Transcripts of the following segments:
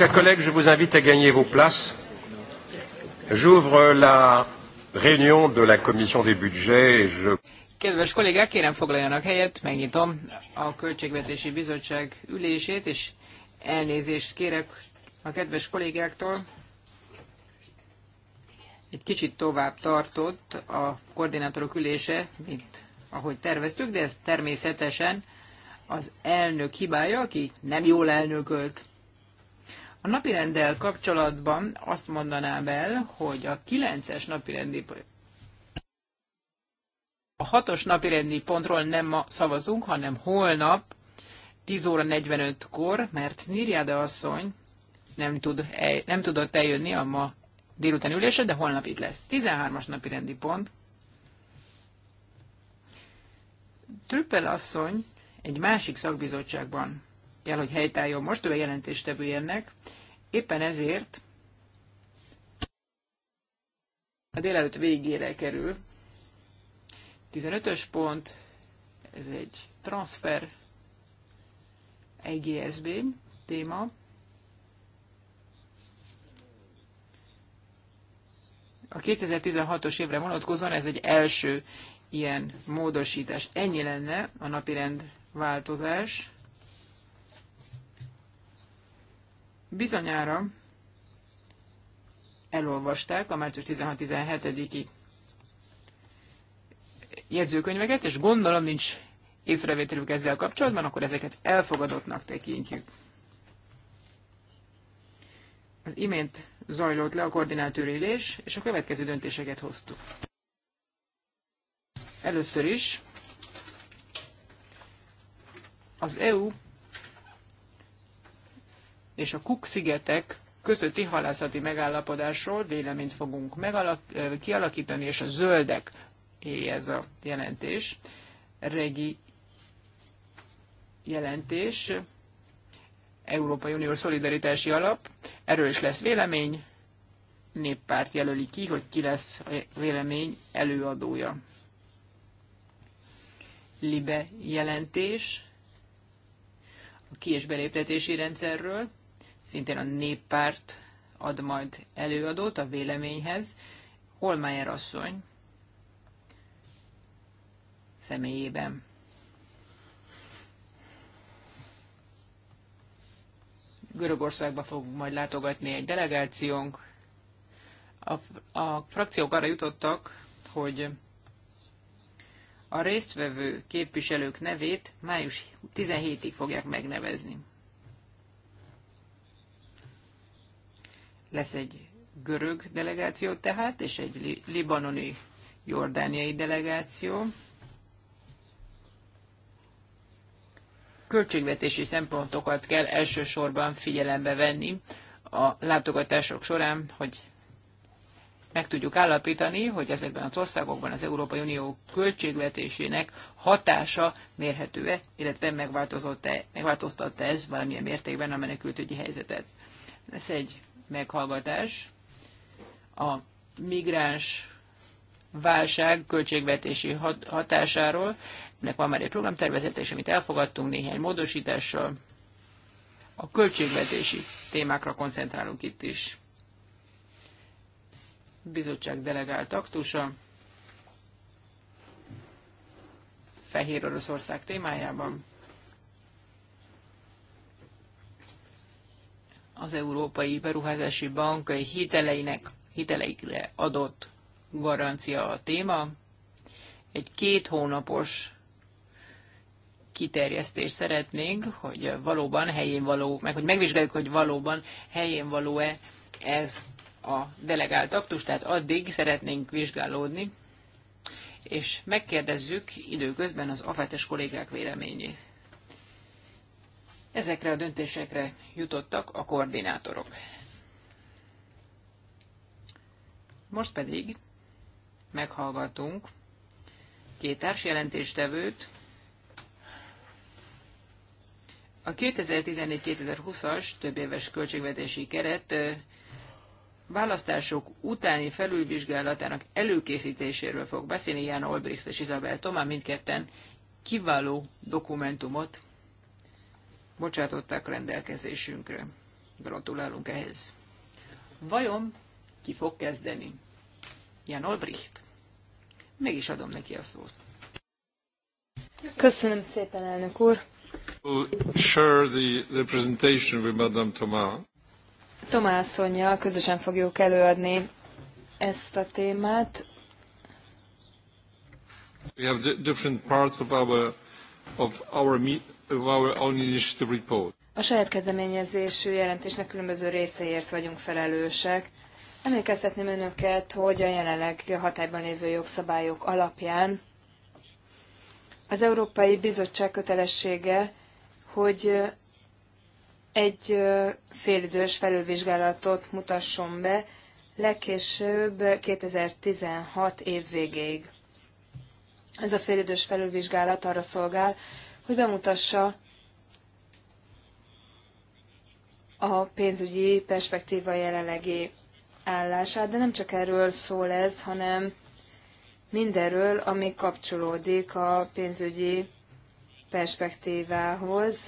Chers collègues, je vous invite à gagner vos places. J'ouvre la réunion de la commission des budgets et je... Kedves kollégák, kérem foglaljanak helyet, megnyitom a Költségvetési Bizottság ülését, és elnézést kérek a kedves kollégáktól. Egy kicsit tovább tartott a koordinátorok ülése, mint ahogy terveztük, de ez természetesen az elnök hibája, aki nem jól elnökölt. A napirenddel kapcsolatban azt mondanám el, hogy a 9-es napirendi a hatos napirendi pontról nem ma szavazunk, hanem holnap 10 óra 45-kor, mert Nirjáda asszony nem, tud, el, nem tudott eljönni a ma délután ülésre, de holnap itt lesz. 13-as napirendi pont. Trüppel asszony egy másik szakbizottságban kell, hogy helytálljon most, ő a jelentéstevő ennek. Éppen ezért a délelőtt végére kerül. 15-ös pont, ez egy transfer EGSB téma. A 2016-os évre vonatkozóan ez egy első ilyen módosítás. Ennyi lenne a napirend változás. Bizonyára elolvasták a március 16-17-i jegyzőkönyveket, és gondolom nincs észrevételük ezzel kapcsolatban, akkor ezeket elfogadottnak tekintjük. Az imént zajlott le a ülés és a következő döntéseket hoztuk. Először is az EU és a Cook-szigetek közötti halászati megállapodásról véleményt fogunk megalap, kialakítani, és a zöldek ez a jelentés, regi jelentés, Európai Unió Szolidaritási Alap, erről is lesz vélemény, néppárt jelöli ki, hogy ki lesz a vélemény előadója. Libe jelentés, a ki- és beléptetési rendszerről, szintén a néppárt ad majd előadót a véleményhez. Holmeyer asszony személyében. Görögországba fog majd látogatni egy delegációnk. A, a frakciók arra jutottak, hogy a résztvevő képviselők nevét május 17-ig fogják megnevezni. Lesz egy görög delegáció tehát, és egy libanoni jordániai delegáció. Költségvetési szempontokat kell elsősorban figyelembe venni a látogatások során, hogy meg tudjuk állapítani, hogy ezekben az országokban az Európai Unió költségvetésének hatása mérhető-e, illetve megváltozott-e, megváltoztatta ez valamilyen mértékben a menekültügyi helyzetet. Ez egy meghallgatás a migráns válság költségvetési hatásáról. Ennek van már egy programtervezete, és amit elfogadtunk néhány módosítással. A költségvetési témákra koncentrálunk itt is. Bizottság delegált aktusa. Fehér Oroszország témájában. az Európai Beruházási Bank hiteleinek, hiteleikre adott garancia a téma. Egy két hónapos kiterjesztést szeretnénk, hogy valóban helyén való, meg hogy megvizsgáljuk, hogy valóban helyén való-e ez a delegált aktus, tehát addig szeretnénk vizsgálódni, és megkérdezzük időközben az afetes kollégák véleményét. Ezekre a döntésekre jutottak a koordinátorok. Most pedig meghallgatunk két társjelentéstevőt, a 2014-2020-as többéves költségvetési keret választások utáni felülvizsgálatának előkészítéséről fog beszélni Ján Olbricht és Izabel Tomá mindketten kiváló dokumentumot bocsátották rendelkezésünkre. Gratulálunk ehhez. Vajon ki fog kezdeni? Jan Olbricht. Meg is adom neki a szót. Köszönöm, szépen, elnök úr. Share the, the presentation with Madame Thomas. Tomás asszonyjal közösen fogjuk előadni ezt a témát. We have different parts of our, of our meet, of our own initiative report. A saját kezdeményezésű jelentésnek különböző részeiért vagyunk felelősek. Emlékeztetném önöket, hogy a jelenleg hatályban lévő jogszabályok alapján az Európai Bizottság kötelessége, hogy egy félidős felülvizsgálatot mutasson be legkésőbb 2016 év végéig. Ez a félidős felülvizsgálat arra szolgál, hogy bemutassa a pénzügyi perspektíva jelenlegi állását, de nem csak erről szól ez, hanem mindenről, ami kapcsolódik a pénzügyi perspektívához,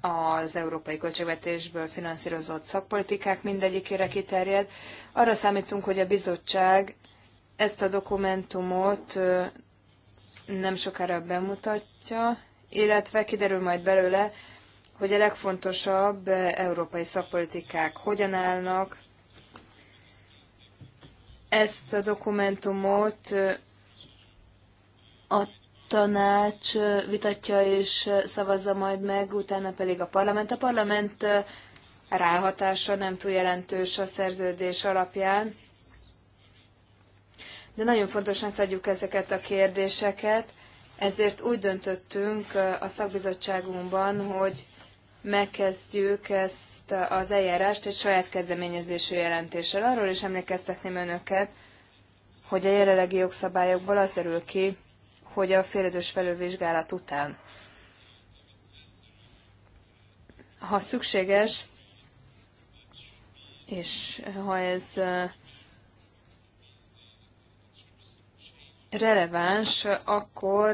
az európai költségvetésből finanszírozott szakpolitikák mindegyikére kiterjed. Arra számítunk, hogy a bizottság ezt a dokumentumot nem sokára bemutatja, illetve kiderül majd belőle, hogy a legfontosabb eh, európai szakpolitikák hogyan állnak. Ezt a dokumentumot eh, a tanács eh, vitatja és szavazza majd meg, utána pedig a parlament. A parlament ráhatása nem túl jelentős a szerződés alapján, de nagyon fontosnak tudjuk ezeket a kérdéseket, ezért úgy döntöttünk a szakbizottságunkban, hogy megkezdjük ezt az eljárást egy saját kezdeményezésű jelentéssel. Arról is emlékeztetném önöket, hogy a jelenlegi jogszabályokból az derül ki, hogy a félidős felülvizsgálat után. Ha szükséges, és ha ez releváns, akkor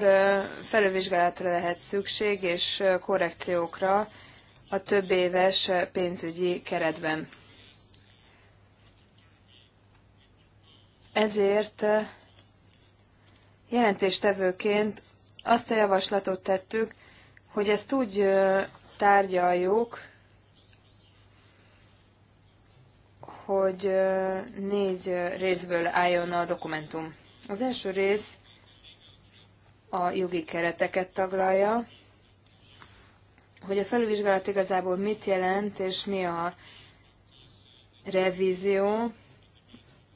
felülvizsgálatra lehet szükség és korrekciókra a több éves pénzügyi keretben. Ezért jelentéstevőként azt a javaslatot tettük, hogy ezt úgy tárgyaljuk, hogy négy részből álljon a dokumentum. Az első rész a jogi kereteket taglalja, hogy a felülvizsgálat igazából mit jelent, és mi a revízió,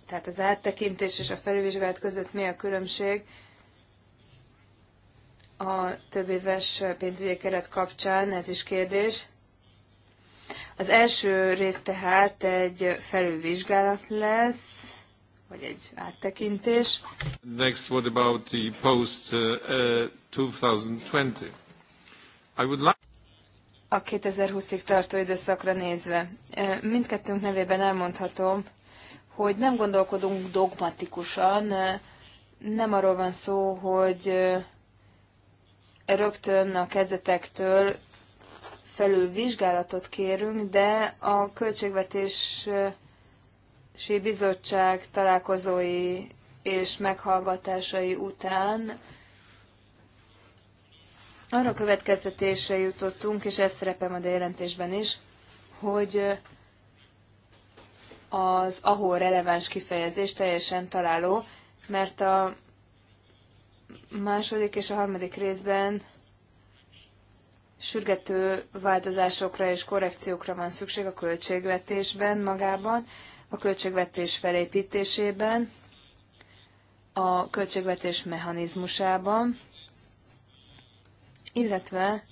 tehát az áttekintés és a felülvizsgálat között mi a különbség a több éves pénzügyi keret kapcsán, ez is kérdés. Az első rész tehát egy felülvizsgálat lesz, vagy egy áttekintés. Next, what about the post uh, uh, 2020? I would like a 2020-ig tartó időszakra nézve. Mindkettőnk nevében elmondhatom, hogy nem gondolkodunk dogmatikusan, nem arról van szó, hogy rögtön a kezdetektől felül vizsgálatot kérünk, de a költségvetés Sí Bizottság találkozói és meghallgatásai után arra következtetésre jutottunk, és ez szerepel majd a jelentésben is, hogy az ahol releváns kifejezés teljesen találó, mert a második és a harmadik részben sürgető változásokra és korrekciókra van szükség a költségvetésben magában, a költségvetés felépítésében, a költségvetés mechanizmusában, illetve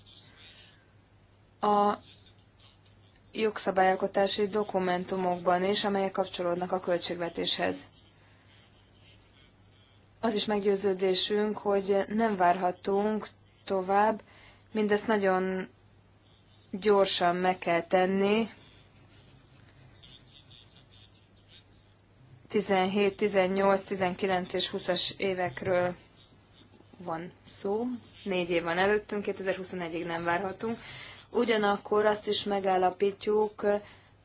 a jogszabályalkotási dokumentumokban is, amelyek kapcsolódnak a költségvetéshez. Az is meggyőződésünk, hogy nem várhatunk tovább, mindezt nagyon gyorsan meg kell tenni, 17, 18, 19 és 20-as évekről van szó, négy év van előttünk, 2021-ig nem várhatunk. Ugyanakkor azt is megállapítjuk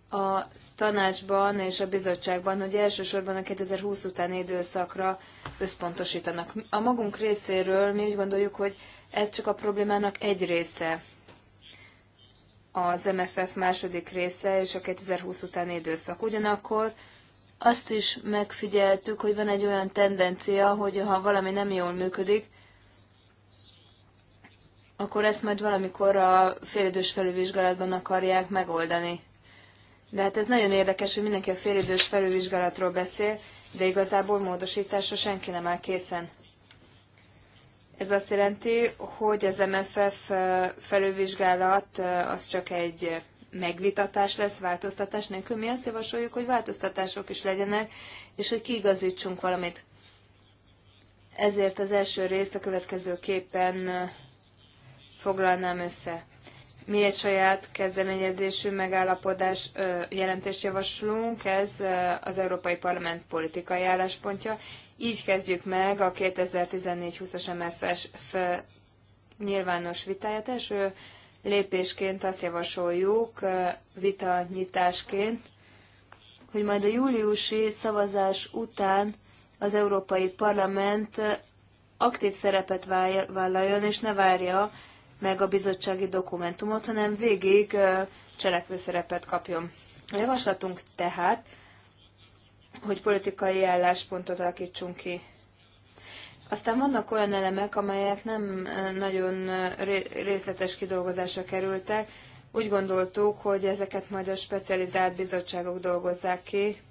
a tanácsban és a bizottságban, hogy elsősorban a 2020 utáni időszakra összpontosítanak. A magunk részéről mi úgy gondoljuk, hogy ez csak a problémának egy része az MFF második része és a 2020 utáni időszak. Ugyanakkor azt is megfigyeltük, hogy van egy olyan tendencia, hogy ha valami nem jól működik, akkor ezt majd valamikor a félidős felülvizsgálatban akarják megoldani. De hát ez nagyon érdekes, hogy mindenki a félidős felülvizsgálatról beszél, de igazából módosításra senki nem áll készen. Ez azt jelenti, hogy az MFF felülvizsgálat az csak egy megvitatás lesz változtatás nélkül. Mi azt javasoljuk, hogy változtatások is legyenek, és hogy kiigazítsunk valamit. Ezért az első részt a következőképpen foglalnám össze. Mi egy saját kezdeményezésű megállapodás jelentést javaslunk, ez az Európai Parlament politikai álláspontja. Így kezdjük meg a 2014-20-as MFF nyilvános vitáját. Első lépésként azt javasoljuk, vita nyitásként, hogy majd a júliusi szavazás után az Európai Parlament aktív szerepet vállaljon, és ne várja meg a bizottsági dokumentumot, hanem végig cselekvő szerepet kapjon. A javaslatunk tehát, hogy politikai álláspontot alakítsunk ki aztán vannak olyan elemek, amelyek nem nagyon részletes kidolgozásra kerültek. Úgy gondoltuk, hogy ezeket majd a specializált bizottságok dolgozzák ki.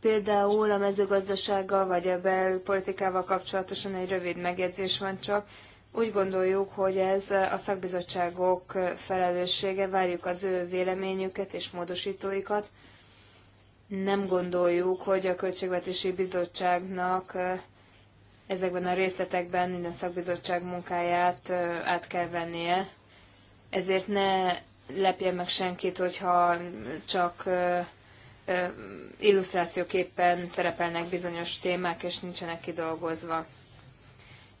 Például a mezőgazdasággal vagy a belpolitikával kapcsolatosan egy rövid megjegyzés van csak. Úgy gondoljuk, hogy ez a szakbizottságok felelőssége, várjuk az ő véleményüket és módosítóikat nem gondoljuk, hogy a Költségvetési Bizottságnak ezekben a részletekben minden szakbizottság munkáját át kell vennie. Ezért ne lepjen meg senkit, hogyha csak illusztrációképpen szerepelnek bizonyos témák, és nincsenek kidolgozva.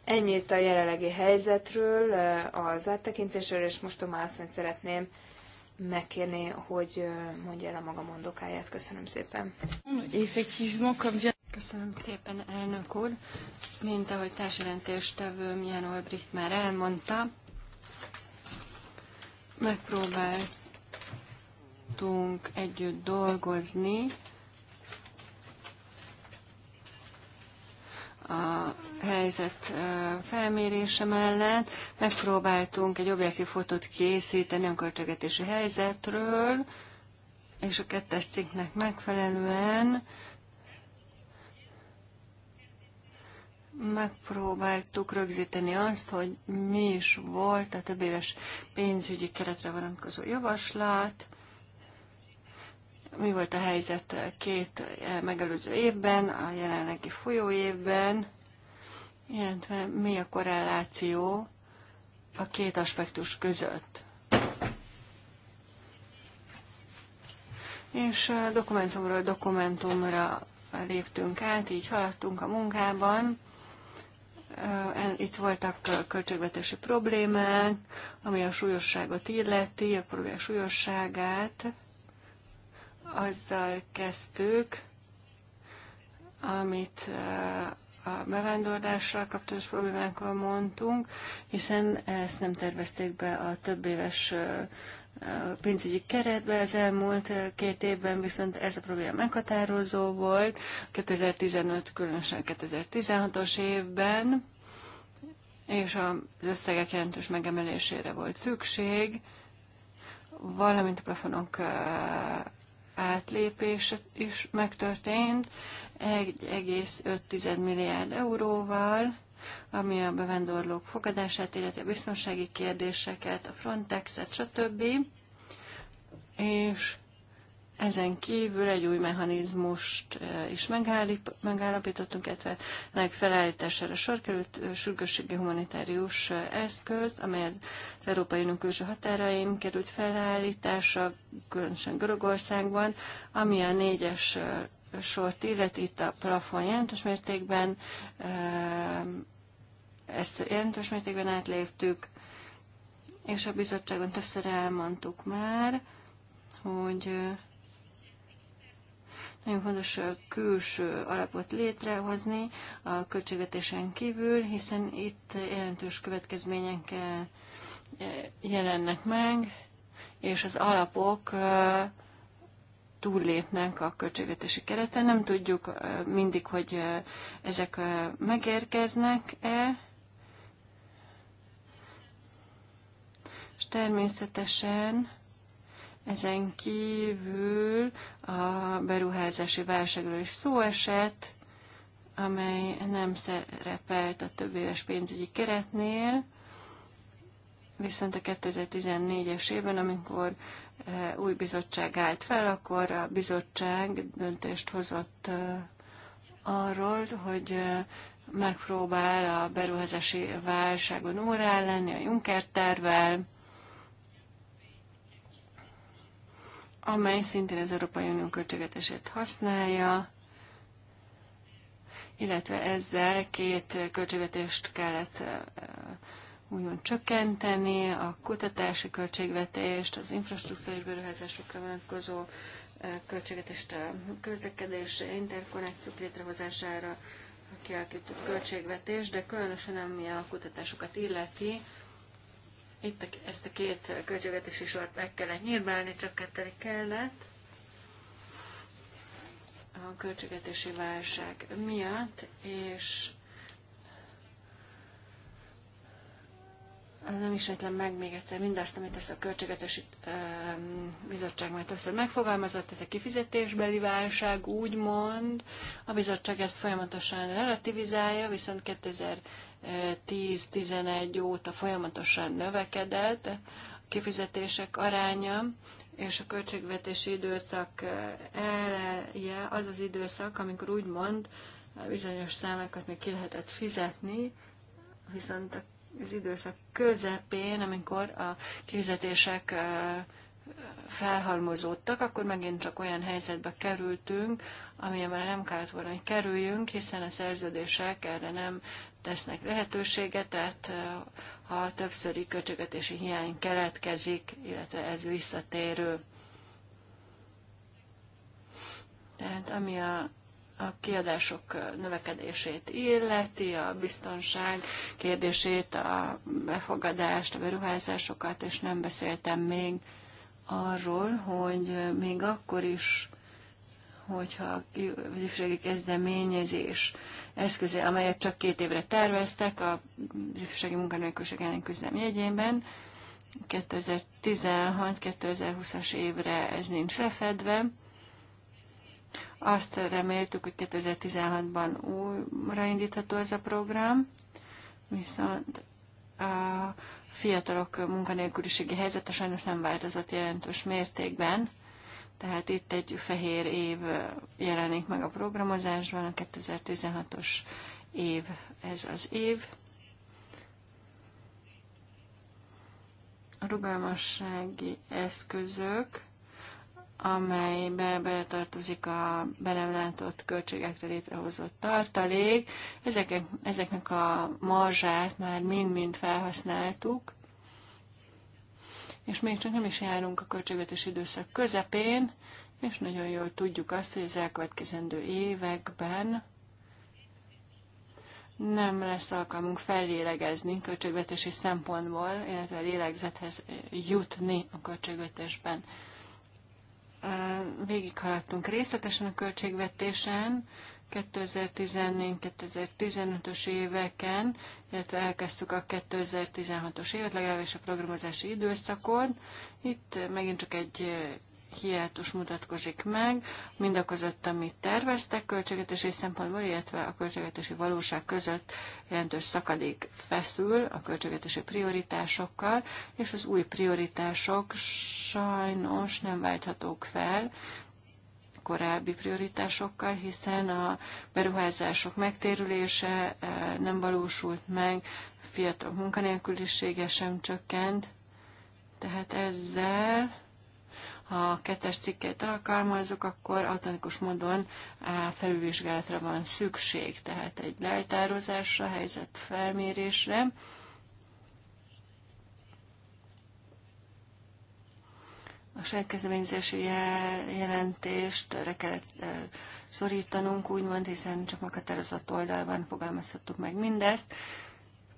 Ennyit a jelenlegi helyzetről, az áttekintésről, és most Tomászon szeretném megkérni, hogy mondja el a maga mondokáját. Köszönöm szépen. Köszönöm szépen, elnök úr. Mint ahogy társjelentéstevőm Jan Olbricht már elmondta, megpróbáltunk együtt dolgozni a helyzet felmérése mellett megpróbáltunk egy objektív fotót készíteni a költségetési helyzetről, és a kettes cikknek megfelelően megpróbáltuk rögzíteni azt, hogy mi is volt a több éves pénzügyi keretre vonatkozó javaslat, mi volt a helyzet két eh, megelőző évben, a jelenlegi folyó évben, illetve mi a korreláció a két aspektus között. És eh, dokumentumról dokumentumra léptünk át, így haladtunk a munkában. Eh, itt voltak költségvetési problémák, ami a súlyosságot illeti, a problémák súlyosságát azzal kezdtük, amit a bevándorlással kapcsolatos problémákkal mondtunk, hiszen ezt nem tervezték be a több éves pénzügyi keretbe az elmúlt két évben, viszont ez a probléma meghatározó volt. 2015, különösen 2016-os évben, és az összegek jelentős megemelésére volt szükség, valamint a plafonok átlépés is megtörtént 1,5 milliárd euróval, ami a bevándorlók fogadását, illetve a biztonsági kérdéseket, a Frontexet, stb. És ezen kívül egy új mechanizmust eh, is megállapítottunk, illetve ennek felállítására sor került eh, sürgősségi humanitárius eh, eszköz, amely az Európai Unió külső határain került felállítása, különösen Görögországban, ami a négyes sort illeti itt a plafon jelentős mértékben, ezt jelentős mértékben átléptük, és a bizottságon többször elmondtuk már, hogy nagyon fontos külső alapot létrehozni a költségvetésen kívül, hiszen itt jelentős következmények jelennek meg, és az alapok túllépnek a költségvetési kereten. Nem tudjuk mindig, hogy ezek megérkeznek-e, és természetesen ezen kívül a beruházási válságról is szó esett, amely nem szerepelt a több éves pénzügyi keretnél, viszont a 2014-es évben, amikor eh, új bizottság állt fel, akkor a bizottság döntést hozott eh, arról, hogy eh, megpróbál a beruházási válságon órá lenni a Juncker tervvel, amely szintén az Európai Unió költségvetését használja, illetve ezzel két költségvetést kellett úgymond csökkenteni, a kutatási költségvetést, az infrastruktúrás beruházásokra vonatkozó költségvetést a közlekedés interkonnekciók létrehozására kialakított költségvetés, de különösen ami a kutatásokat illeti, itt a, ezt a két költségvetési sort meg kellett nyírbálni, csökkenteni kellett a költségvetési válság miatt, és nem ismétlem meg még egyszer mindazt, amit ezt a költségvetési bizottság majd többször megfogalmazott, ez a kifizetésbeli válság, úgymond. A bizottság ezt folyamatosan relativizálja, viszont 10-11 óta folyamatosan növekedett a kifizetések aránya, és a költségvetési időszak eleje az az időszak, amikor úgymond bizonyos számokat még ki lehetett fizetni, viszont az időszak közepén, amikor a kifizetések felhalmozódtak, akkor megint csak olyan helyzetbe kerültünk, amilyen már nem kellett volna, hogy kerüljünk, hiszen a szerződések erre nem tesznek lehetőséget, tehát ha többszöri költségvetési hiány keletkezik, illetve ez visszatérő. Tehát ami a a kiadások növekedését illeti, a biztonság kérdését, a befogadást, a beruházásokat, és nem beszéltem még arról, hogy még akkor is, hogyha a ifjúsági kezdeményezés eszköze, amelyet csak két évre terveztek a ifjúsági munkanélküliség ellen küzdelem jegyében, 2016-2020-as évre ez nincs lefedve. Azt reméltük, hogy 2016-ban újra indítható ez a program, viszont a fiatalok munkanélküliségi helyzete sajnos nem változott jelentős mértékben tehát itt egy fehér év jelenik meg a programozásban, a 2016-os év ez az év. A rugalmassági eszközök, amelybe beletartozik a be nem látott költségekre létrehozott tartalék, ezeknek a marzsát már mind-mind felhasználtuk, és még csak nem is járunk a költségvetés időszak közepén, és nagyon jól tudjuk azt, hogy az elkövetkezendő években nem lesz alkalmunk fellélegezni költségvetési szempontból, illetve lélegzethez jutni a költségvetésben. Végighaladtunk részletesen a költségvetésen, 2014-2015-ös éveken, illetve elkezdtük a 2016-os évet, legalábbis a programozási időszakon. Itt megint csak egy eh, hiátus mutatkozik meg, mind amit terveztek költségvetési szempontból, illetve a költségvetési valóság között jelentős szakadék feszül a költségvetési prioritásokkal, és az új prioritások sajnos nem válthatók fel, korábbi prioritásokkal, hiszen a beruházások megtérülése eh, nem valósult meg, a fiatal munkanélkülisége sem csökkent, tehát ezzel ha kettes cikket alkalmazok, akkor automatikus módon eh, felülvizsgálatra van szükség, tehát egy leltározásra, helyzetfelmérésre. felmérésre A saját kezdeményezésű jelentést erre kellett szorítanunk, úgymond, hiszen csak meghatározott oldalban fogalmazhattuk meg mindezt.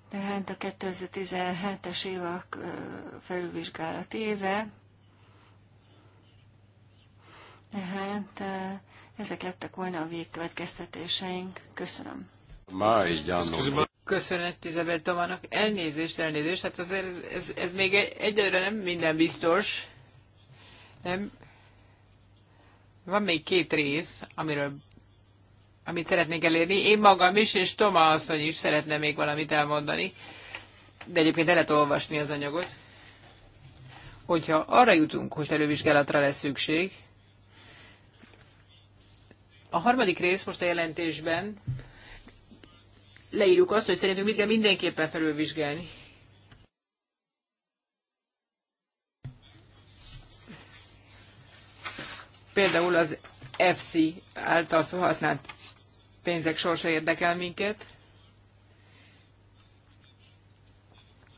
Tehát a 2017-es évek felülvizsgálat éve, tehát ezek lettek volna a végkövetkeztetéseink. Köszönöm. Máj, Köszönet Izabel Tomának. Elnézést, elnézést. Hát azért ez, ez még egyelőre nem minden biztos. Nem. Van még két rész, amiről amit szeretnék elérni. Én magam is, és Toma asszony is szeretne még valamit elmondani. De egyébként el lehet olvasni az anyagot. Hogyha arra jutunk, hogy felővizsgálatra lesz szükség, a harmadik rész most a jelentésben leírjuk azt, hogy szerintünk mit kell mindenképpen felülvizsgálni. Például az FC által felhasznált pénzek sorsa érdekel minket.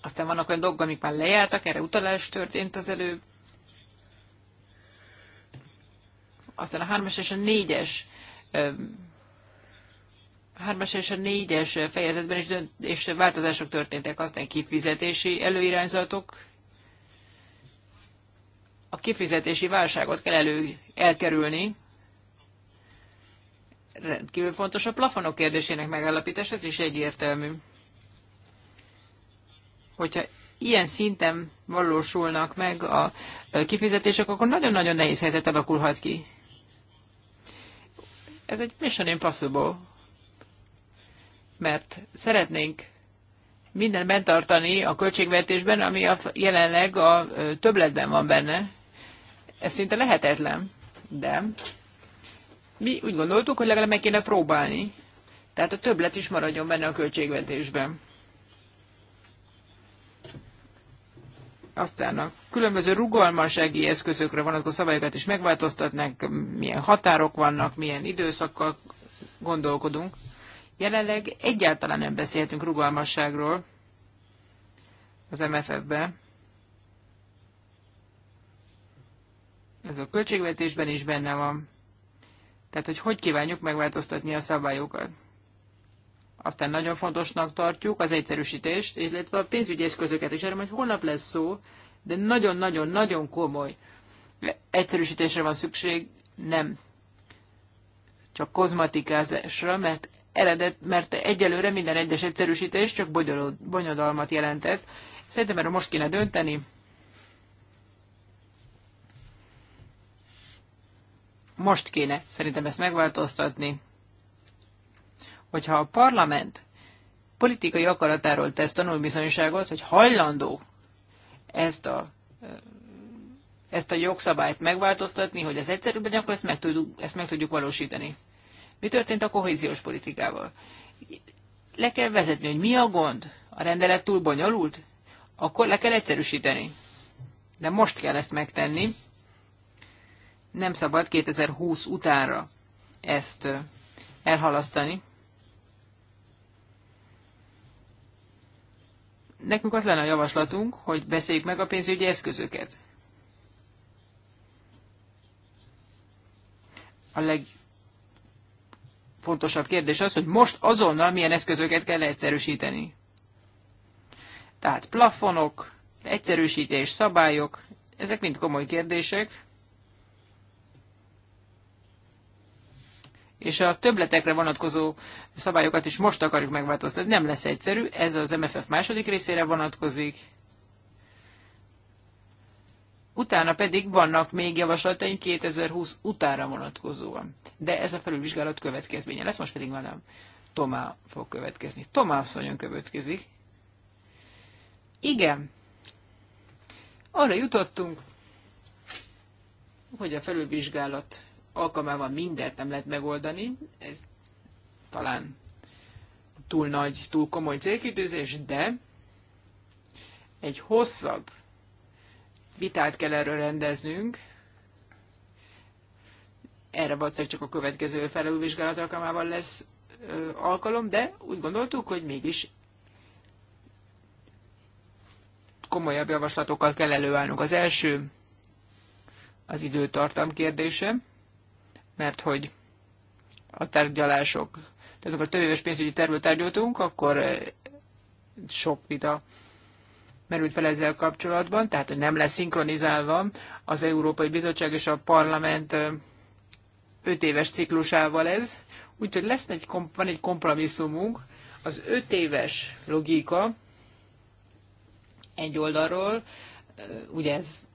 Aztán vannak olyan dolgok, amik már lejártak, erre utalás történt az előbb. Aztán a 3-as és a 4-es 3-as és a 4-es fejezetben is dönt, és változások történtek, aztán kifizetési előirányzatok a kifizetési válságot kell elő, elkerülni. Rendkívül fontos a plafonok kérdésének megállapítás, ez is egyértelmű. Hogyha ilyen szinten valósulnak meg a kifizetések, akkor nagyon-nagyon nehéz helyzet alakulhat ki. Ez egy mission impossible, mert szeretnénk mindent bentartani a költségvetésben, ami a, jelenleg a többletben van benne. Ez szinte lehetetlen, de mi úgy gondoltuk, hogy legalább meg kéne próbálni. Tehát a többlet is maradjon benne a költségvetésben. Aztán a különböző rugalmassági eszközökre vonatkozó szabályokat is megváltoztatnak, milyen határok vannak, milyen időszakkal gondolkodunk. Jelenleg egyáltalán nem beszéltünk rugalmasságról az MFF-ben. Ez a költségvetésben is benne van. Tehát, hogy hogy kívánjuk megváltoztatni a szabályokat. Aztán nagyon fontosnak tartjuk az egyszerűsítést, illetve a pénzügyi eszközöket is. erre majd holnap lesz szó, de nagyon-nagyon-nagyon komoly egyszerűsítésre van szükség, nem csak kozmatikázásra, mert eredet, mert egyelőre minden egyes egyszerűsítés csak bonyodalmat jelentett. Szerintem erre most kéne dönteni, most kéne szerintem ezt megváltoztatni. Hogyha a parlament politikai akaratáról tesz tanulbizonyságot, hogy hajlandó ezt a, ezt a jogszabályt megváltoztatni, hogy ez egyszerűbben, akkor ezt meg, tudjuk, ezt meg tudjuk valósítani. Mi történt a kohéziós politikával? Le kell vezetni, hogy mi a gond? A rendelet túl bonyolult? Akkor le kell egyszerűsíteni. De most kell ezt megtenni, nem szabad 2020 utánra ezt elhalasztani. Nekünk az lenne a javaslatunk, hogy beszéljük meg a pénzügyi eszközöket. A legfontosabb kérdés az, hogy most azonnal milyen eszközöket kell egyszerűsíteni. Tehát plafonok, egyszerűsítés, szabályok, ezek mind komoly kérdések, és a többletekre vonatkozó szabályokat is most akarjuk megváltoztatni. Nem lesz egyszerű, ez az MFF második részére vonatkozik. Utána pedig vannak még javaslataink 2020 utára vonatkozóan. De ez a felülvizsgálat következménye lesz, most pedig velem Tomá fog következni. Tomá asszonyon következik. Igen. Arra jutottunk, hogy a felülvizsgálat alkalmával mindent nem lehet megoldani, ez talán túl nagy, túl komoly célkitűzés, de egy hosszabb vitát kell erről rendeznünk, erre valószínűleg csak a következő felelővizsgálat alkalmával lesz ö, alkalom, de úgy gondoltuk, hogy mégis komolyabb javaslatokkal kell előállnunk. Az első az időtartam kérdése mert hogy a tárgyalások, tehát amikor több éves pénzügyi tervről tárgyaltunk, akkor eh, sok vita merült fel ezzel kapcsolatban, tehát hogy nem lesz szinkronizálva az Európai Bizottság és a Parlament eh, öt éves ciklusával ez, úgyhogy lesz egy, van egy kompromisszumunk, az öt éves logika egy oldalról, eh, ugye ez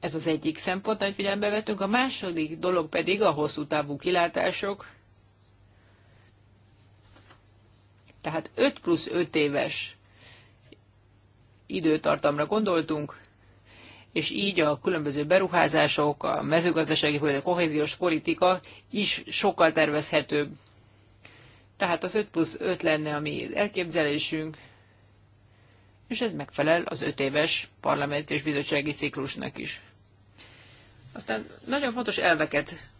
ez az egyik szempont, amit figyelembe vettünk. A második dolog pedig a hosszú távú kilátások. Tehát 5 plusz 5 éves időtartamra gondoltunk, és így a különböző beruházások, a mezőgazdasági politika, a kohéziós politika is sokkal tervezhetőbb. Tehát az 5 plusz 5 lenne a mi elképzelésünk, és ez megfelel az öt éves parlament és bizottsági ciklusnak is. Aztán nagyon fontos elveket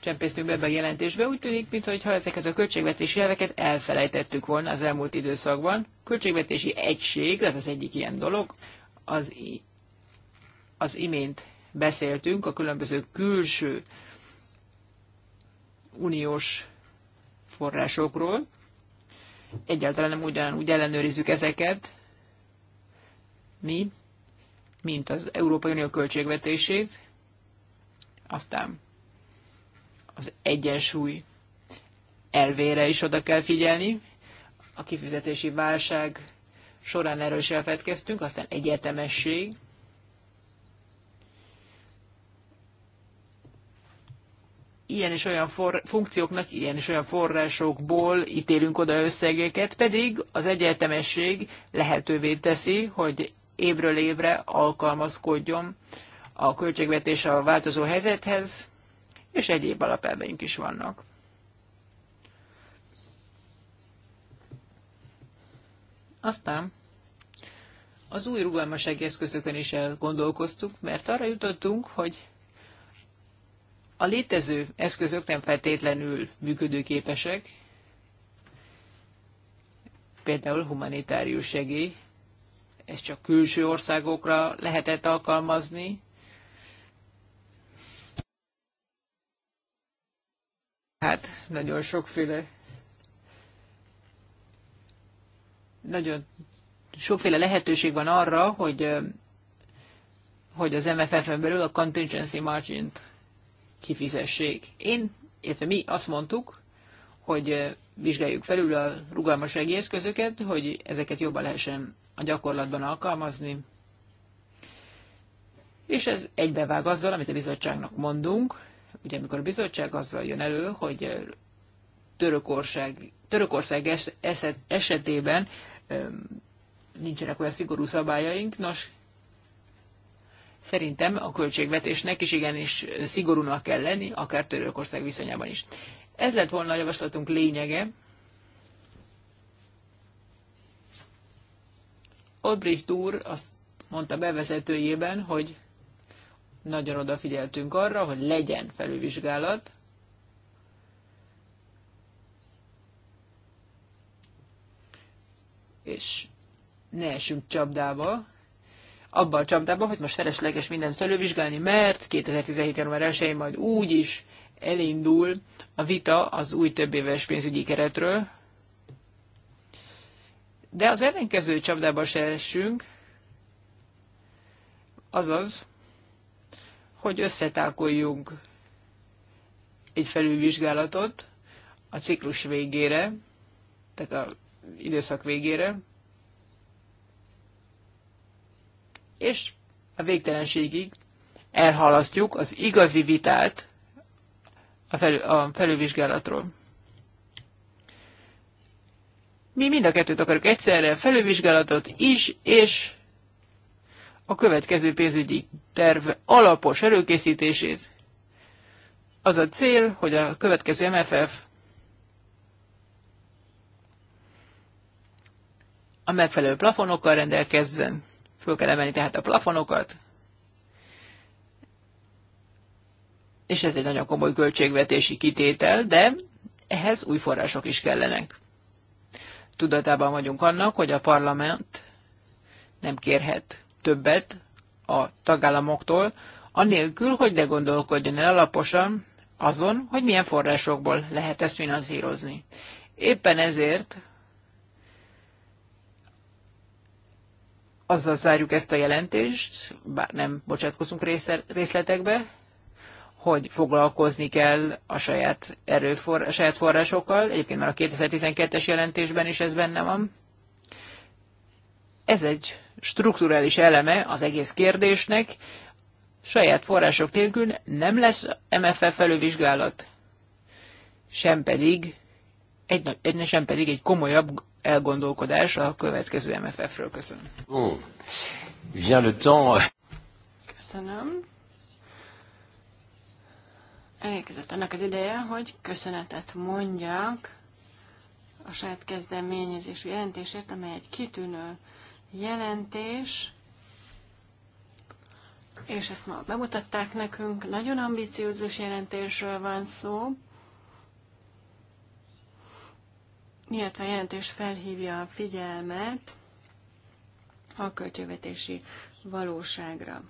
csempésztünk be ebbe a jelentésbe. Úgy tűnik, mintha ezeket a költségvetési elveket elfelejtettük volna az elmúlt időszakban. Költségvetési egység, ez az egyik ilyen dolog, az, az imént beszéltünk, a különböző külső uniós forrásokról, egyáltalán nem ugyanúgy ellenőrizzük ezeket, mi, mint az Európai Unió költségvetését, aztán az egyensúly elvére is oda kell figyelni. A kifizetési válság során erről is elfedkeztünk, aztán egyetemesség, ilyen és olyan for, funkcióknak, ilyen és olyan forrásokból ítélünk oda összegeket, pedig az egyetemesség lehetővé teszi, hogy évről évre alkalmazkodjon a költségvetés a változó helyzethez, és egyéb alapelveink is vannak. Aztán az új rugalmasági eszközökön is elgondolkoztuk, mert arra jutottunk, hogy a létező eszközök nem feltétlenül működőképesek, például humanitárius segély, ezt csak külső országokra lehetett alkalmazni. Hát, nagyon sokféle nagyon sokféle lehetőség van arra, hogy, hogy az MFF-en belül a contingency margin-t kifizessék. Én, illetve mi azt mondtuk, hogy vizsgáljuk felül a rugalmasági eszközöket, hogy ezeket jobban lehessen a gyakorlatban alkalmazni. És ez egybevág azzal, amit a bizottságnak mondunk. Ugye amikor a bizottság azzal jön elő, hogy Törökország, Törökország eset, esetében nincsenek olyan szigorú szabályaink, nos, Szerintem a költségvetésnek is igenis szigorúnak kell lenni, akár Törökország viszonyában is. Ez lett volna a javaslatunk lényege. Obricht úr azt mondta bevezetőjében, hogy nagyon odafigyeltünk arra, hogy legyen felülvizsgálat, és ne esünk csapdába, abban a csapdában, hogy most felesleges mindent felülvizsgálni, mert 2017. január 1 majd úgy is elindul a vita az új többéves pénzügyi keretről, de az ellenkező csapdába se essünk, azaz, hogy összetákoljunk egy felülvizsgálatot a ciklus végére, tehát az időszak végére, és a végtelenségig elhalasztjuk az igazi vitát a, felül, a felülvizsgálatról. Mi mind a kettőt akarjuk egyszerre, felülvizsgálatot is, és a következő pénzügyi terv alapos előkészítését. Az a cél, hogy a következő MFF a megfelelő plafonokkal rendelkezzen. Föl kell emelni tehát a plafonokat, és ez egy nagyon komoly költségvetési kitétel, de ehhez új források is kellenek. Tudatában vagyunk annak, hogy a parlament nem kérhet többet a tagállamoktól, anélkül, hogy ne gondolkodjon el alaposan azon, hogy milyen forrásokból lehet ezt finanszírozni. Éppen ezért azzal zárjuk ezt a jelentést, bár nem bocsátkozunk részletekbe, hogy foglalkozni kell a saját, erőfor, a saját forrásokkal. Egyébként már a 2012-es jelentésben is ez benne van. Ez egy strukturális eleme az egész kérdésnek. Saját források nélkül nem lesz MFF felővizsgálat, sem pedig egy, sem pedig egy komolyabb elgondolkodás a következő MFF-ről. Köszönöm. Oh, vient le temps. Köszönöm. Elérkezett annak az ideje, hogy köszönetet mondjak a saját kezdeményezésű jelentésért, amely egy kitűnő jelentés, és ezt ma bemutatták nekünk. Nagyon ambiciózus jelentésről van szó, illetve a jelentés felhívja a figyelmet a költségvetési valóságra.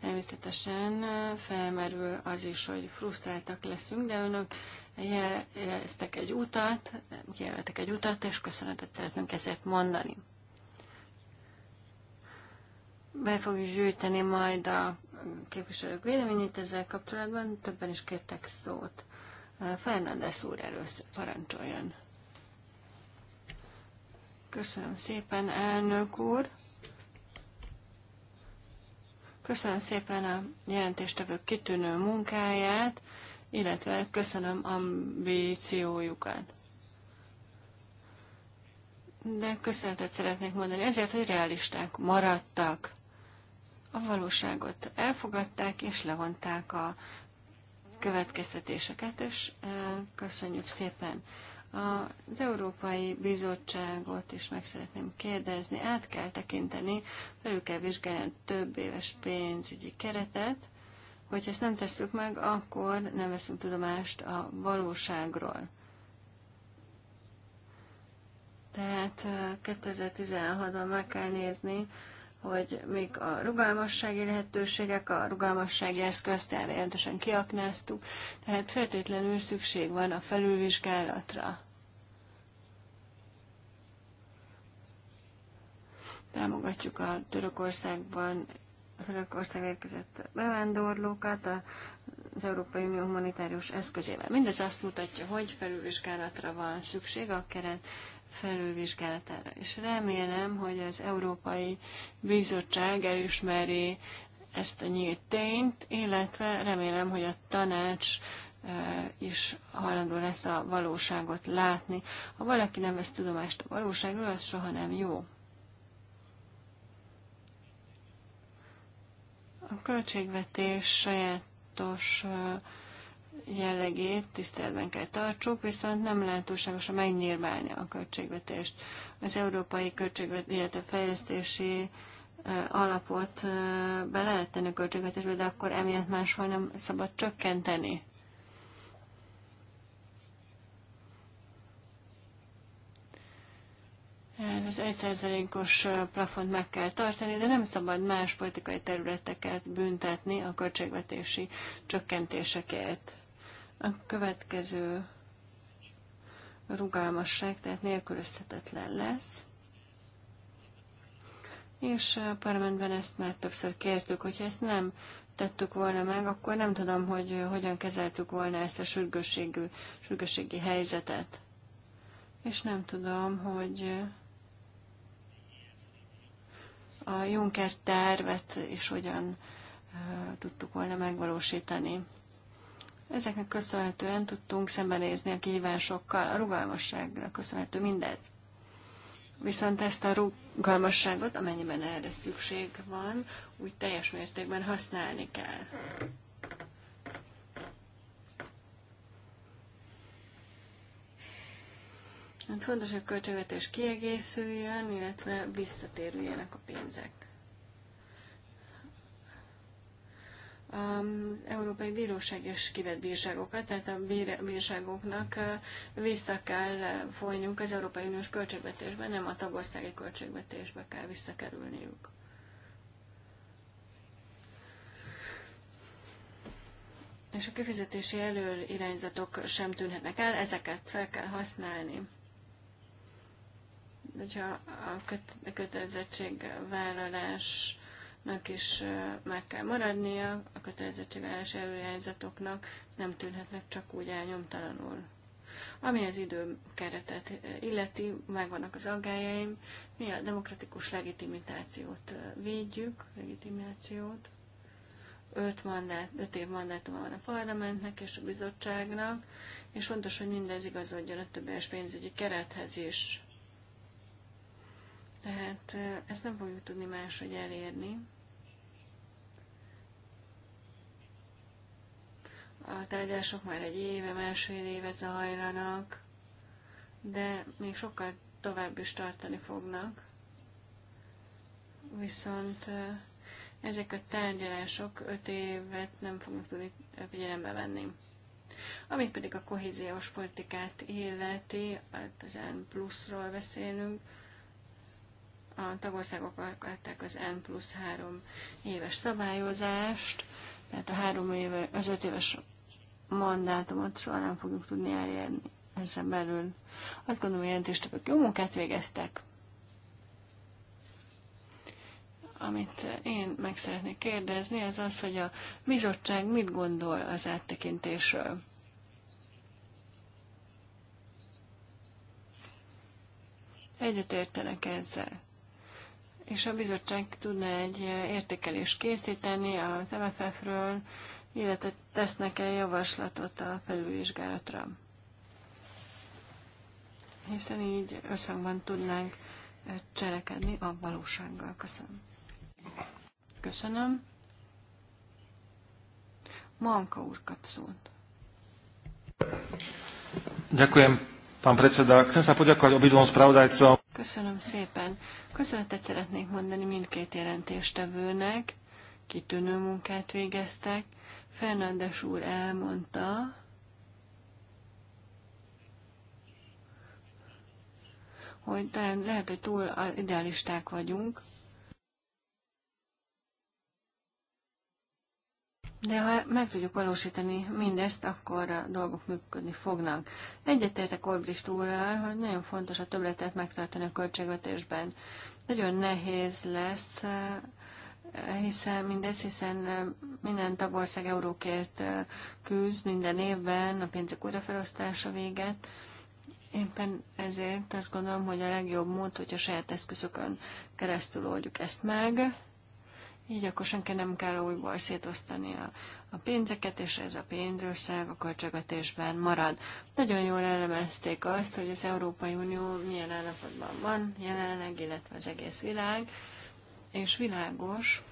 Természetesen felmerül az is, hogy frusztráltak leszünk, de önök jeleztek egy utat, kijelöltek egy utat, és köszönetet szeretnénk ezért mondani. Be fogjuk gyűjteni majd a képviselők véleményét ezzel kapcsolatban, többen is kértek szót. Fernandes úr először parancsoljon. Köszönöm szépen, elnök úr. Köszönöm szépen a jelentéstevők kitűnő munkáját, illetve köszönöm ambíciójukat. De köszönetet szeretnék mondani ezért, hogy realisták maradtak. A valóságot elfogadták és levonták a következtetéseket, és köszönjük szépen. Az Európai Bizottságot is meg szeretném kérdezni, át kell tekinteni, felül kell vizsgálni több éves pénzügyi keretet, hogyha ezt nem tesszük meg, akkor nem veszünk tudomást a valóságról. Tehát 2016-ban meg kell nézni, hogy még a rugalmassági lehetőségek, a rugalmassági eszközt erre jelentősen kiaknáztuk, tehát feltétlenül szükség van a felülvizsgálatra. Támogatjuk a Törökországban a Törökország érkezett bevándorlókat az Európai Unió humanitárius eszközével. Mindez azt mutatja, hogy felülvizsgálatra van szükség a keret felülvizsgálatára. És remélem, hogy az Európai Bizottság elismeri ezt a nyílt tényt, illetve remélem, hogy a tanács e, is hajlandó lesz a valóságot látni. Ha valaki nem vesz tudomást a valóságról, az soha nem jó. A költségvetés sajátos uh, jellegét tiszteletben kell tartsuk, viszont nem lehet túlságosan megnyírválni a költségvetést. Az európai költségvetés, illetve fejlesztési alapot be lehet tenni a költségvetésbe, de akkor emiatt máshol nem szabad csökkenteni. Az 1%-os plafont meg kell tartani, de nem szabad más politikai területeket büntetni a költségvetési csökkentésekért. A következő rugalmasság, tehát nélkülözhetetlen lesz. És a parlamentben ezt már többször kértük, hogyha ezt nem tettük volna meg, akkor nem tudom, hogy hogyan kezeltük volna ezt a sürgősségi helyzetet. És nem tudom, hogy a Juncker tervet is hogyan eh, tudtuk volna megvalósítani. Ezeknek köszönhetően tudtunk szembenézni a kihívásokkal, a rugalmasságra köszönhető mindez. Viszont ezt a rugalmasságot, amennyiben erre szükség van, úgy teljes mértékben használni kell. Hát fontos, hogy a költségvetés kiegészüljön, illetve visszatérüljenek a pénzek. az Európai Bíróság is kivett bírságokat, tehát a bírságoknak vissza kell folyniuk az Európai Uniós költségvetésbe, nem a tagországi költségvetésbe kell visszakerülniük. És a kifizetési előirányzatok sem tűnhetnek el, ezeket fel kell használni hogyha a kötelezettségvállalás nak is meg kell maradnia, a kötelezettségvállalás előirányzatoknak nem tűnhetnek csak úgy elnyomtalanul. Ami az időkeretet illeti, megvannak az aggájaim, mi a demokratikus legitimitációt védjük, legitimációt. Öt, mandát, öt év mandátum van a parlamentnek és a bizottságnak, és fontos, hogy mindez igazodjon a többes pénzügyi kerethez is. Tehát ezt nem fogjuk tudni máshogy elérni. A tárgyalások már egy éve, másfél éve zajlanak, de még sokkal tovább is tartani fognak. Viszont ezek a tárgyalások öt évet nem fognak tudni figyelembe venni. Amit pedig a kohéziós politikát illeti, hát az N pluszról beszélünk, a tagországok akarták az N plusz három éves szabályozást, tehát a három éve, az öt éves mandátumot soha nem fogjuk tudni elérni ezen belül. Azt gondolom, hogy jelentéstevők jó munkát végeztek. Amit én meg szeretnék kérdezni, az az, hogy a bizottság mit gondol az áttekintésről. értenek ezzel. És a bizottság tudna egy értékelést készíteni az MFF-ről, illetve tesznek-e javaslatot a felülvizsgálatra. Hiszen így összhangban tudnánk eh, cselekedni a valósággal. Köszönöm. Köszönöm. Manka úr kap szót. Ďakujem, pán predseda. Chcem sa poďakovať obidvom spravodajcom. Köszönöm szépen. Köszönetet szeretnék mondani mindkét jelentéstevőnek. Kitűnő munkát végeztek, Fernandes úr elmondta, hogy talán lehet, hogy túl idealisták vagyunk, De ha meg tudjuk valósítani mindezt, akkor a dolgok működni fognak. Egyetértek Orbrist úrral, hogy nagyon fontos a többletet megtartani a költségvetésben. Nagyon nehéz lesz hiszen mindez, hiszen minden tagország eurókért küzd minden évben, a pénzek újrafelosztása véget. Éppen ezért azt gondolom, hogy a legjobb mód, hogy a saját eszközökön keresztül oldjuk ezt meg, így akkor senki nem kell újból szétosztani a, a pénzeket, és ez a pénzösszeg a költségvetésben marad. Nagyon jól elemezték azt, hogy az Európai Unió milyen állapotban van jelenleg, illetve az egész világ, és világos,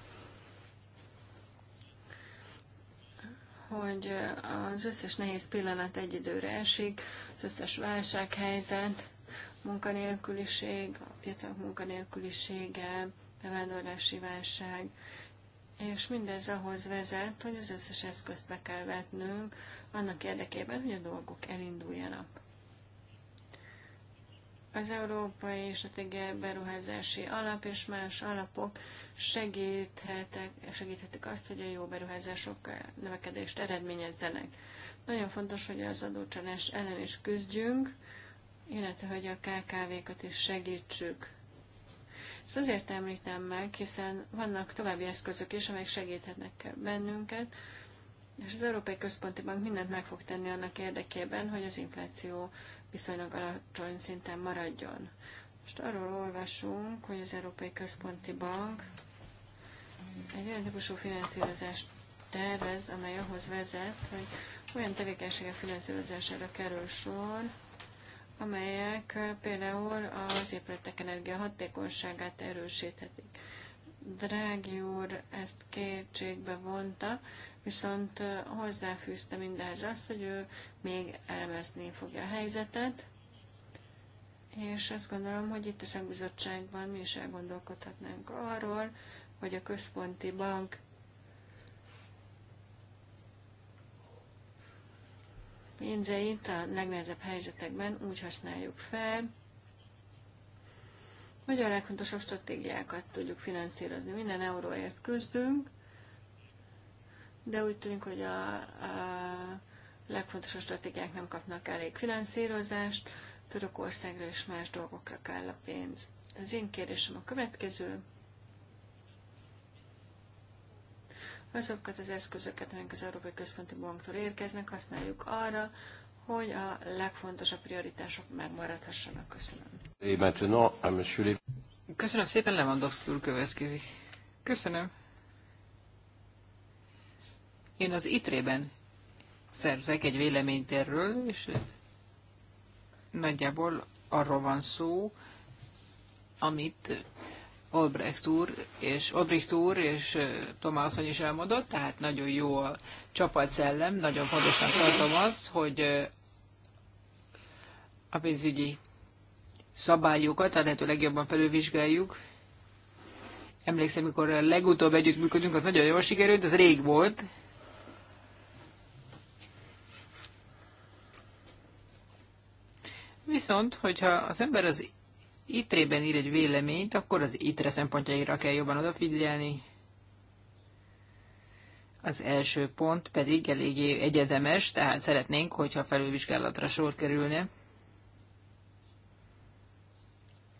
hogy az összes nehéz pillanat egy időre esik, az összes válsághelyzet, munkanélküliség, a fiatalok munkanélkülisége, bevándorlási válság, és mindez ahhoz vezet, hogy az összes eszközt be kell vetnünk annak érdekében, hogy a dolgok elinduljanak. Az Európai Stratégiai Beruházási Alap és más alapok segíthetek, segíthetik azt, hogy a jó beruházások növekedést eredményezzenek. Nagyon fontos, hogy az adócsalás ellen is küzdjünk, illetve hogy a KKV-kat is segítsük. Ezt azért említem meg, hiszen vannak további eszközök is, amelyek segíthetnek bennünket, és az Európai Központi Bank mindent meg fog tenni annak érdekében, hogy az infláció viszonylag alacsony szinten maradjon. Most arról olvasunk, hogy az Európai Központi Bank egy olyan típusú finanszírozást tervez, amely ahhoz vezet, hogy olyan tevékenységek finanszírozására kerül sor, amelyek például az épületek energia hatékonyságát erősíthetik. Drági úr ezt kétségbe vonta, viszont hozzáfűzte mindehez azt, hogy ő még elemezni fogja a helyzetet, és azt gondolom, hogy itt a szakbizottságban mi is elgondolkodhatnánk arról, hogy a központi bank pénzeit a legnehezebb helyzetekben úgy használjuk fel, hogy a legfontosabb stratégiákat tudjuk finanszírozni. Minden euróért küzdünk, de úgy tűnik, hogy a, a legfontosabb stratégiák nem kapnak elég finanszírozást, Törökországra és más dolgokra kell a pénz. Az én kérdésem a következő. Azokat az eszközöket, amik az Európai Központi Banktól érkeznek, használjuk arra, hogy a legfontosabb prioritások megmaradhassanak. Köszönöm. Köszönöm szépen, Lewandowski úr következik. Köszönöm. Én az ITRE-ben szerzek egy véleményt erről, és nagyjából arról van szó, amit Albrecht úr és Albrecht úr és Tomászony is elmondott, tehát nagyon jó a csapatszellem, nagyon fontosnak tartom azt, hogy a pénzügyi szabályokat a lehető legjobban felülvizsgáljuk. Emlékszem, mikor legutóbb együttműködünk, az nagyon jól sikerült, ez rég volt, Viszont, hogyha az ember az itre ír egy véleményt, akkor az ITRE szempontjaira kell jobban odafigyelni. Az első pont pedig eléggé egyedemes, tehát szeretnénk, hogyha felülvizsgálatra sor kerülne.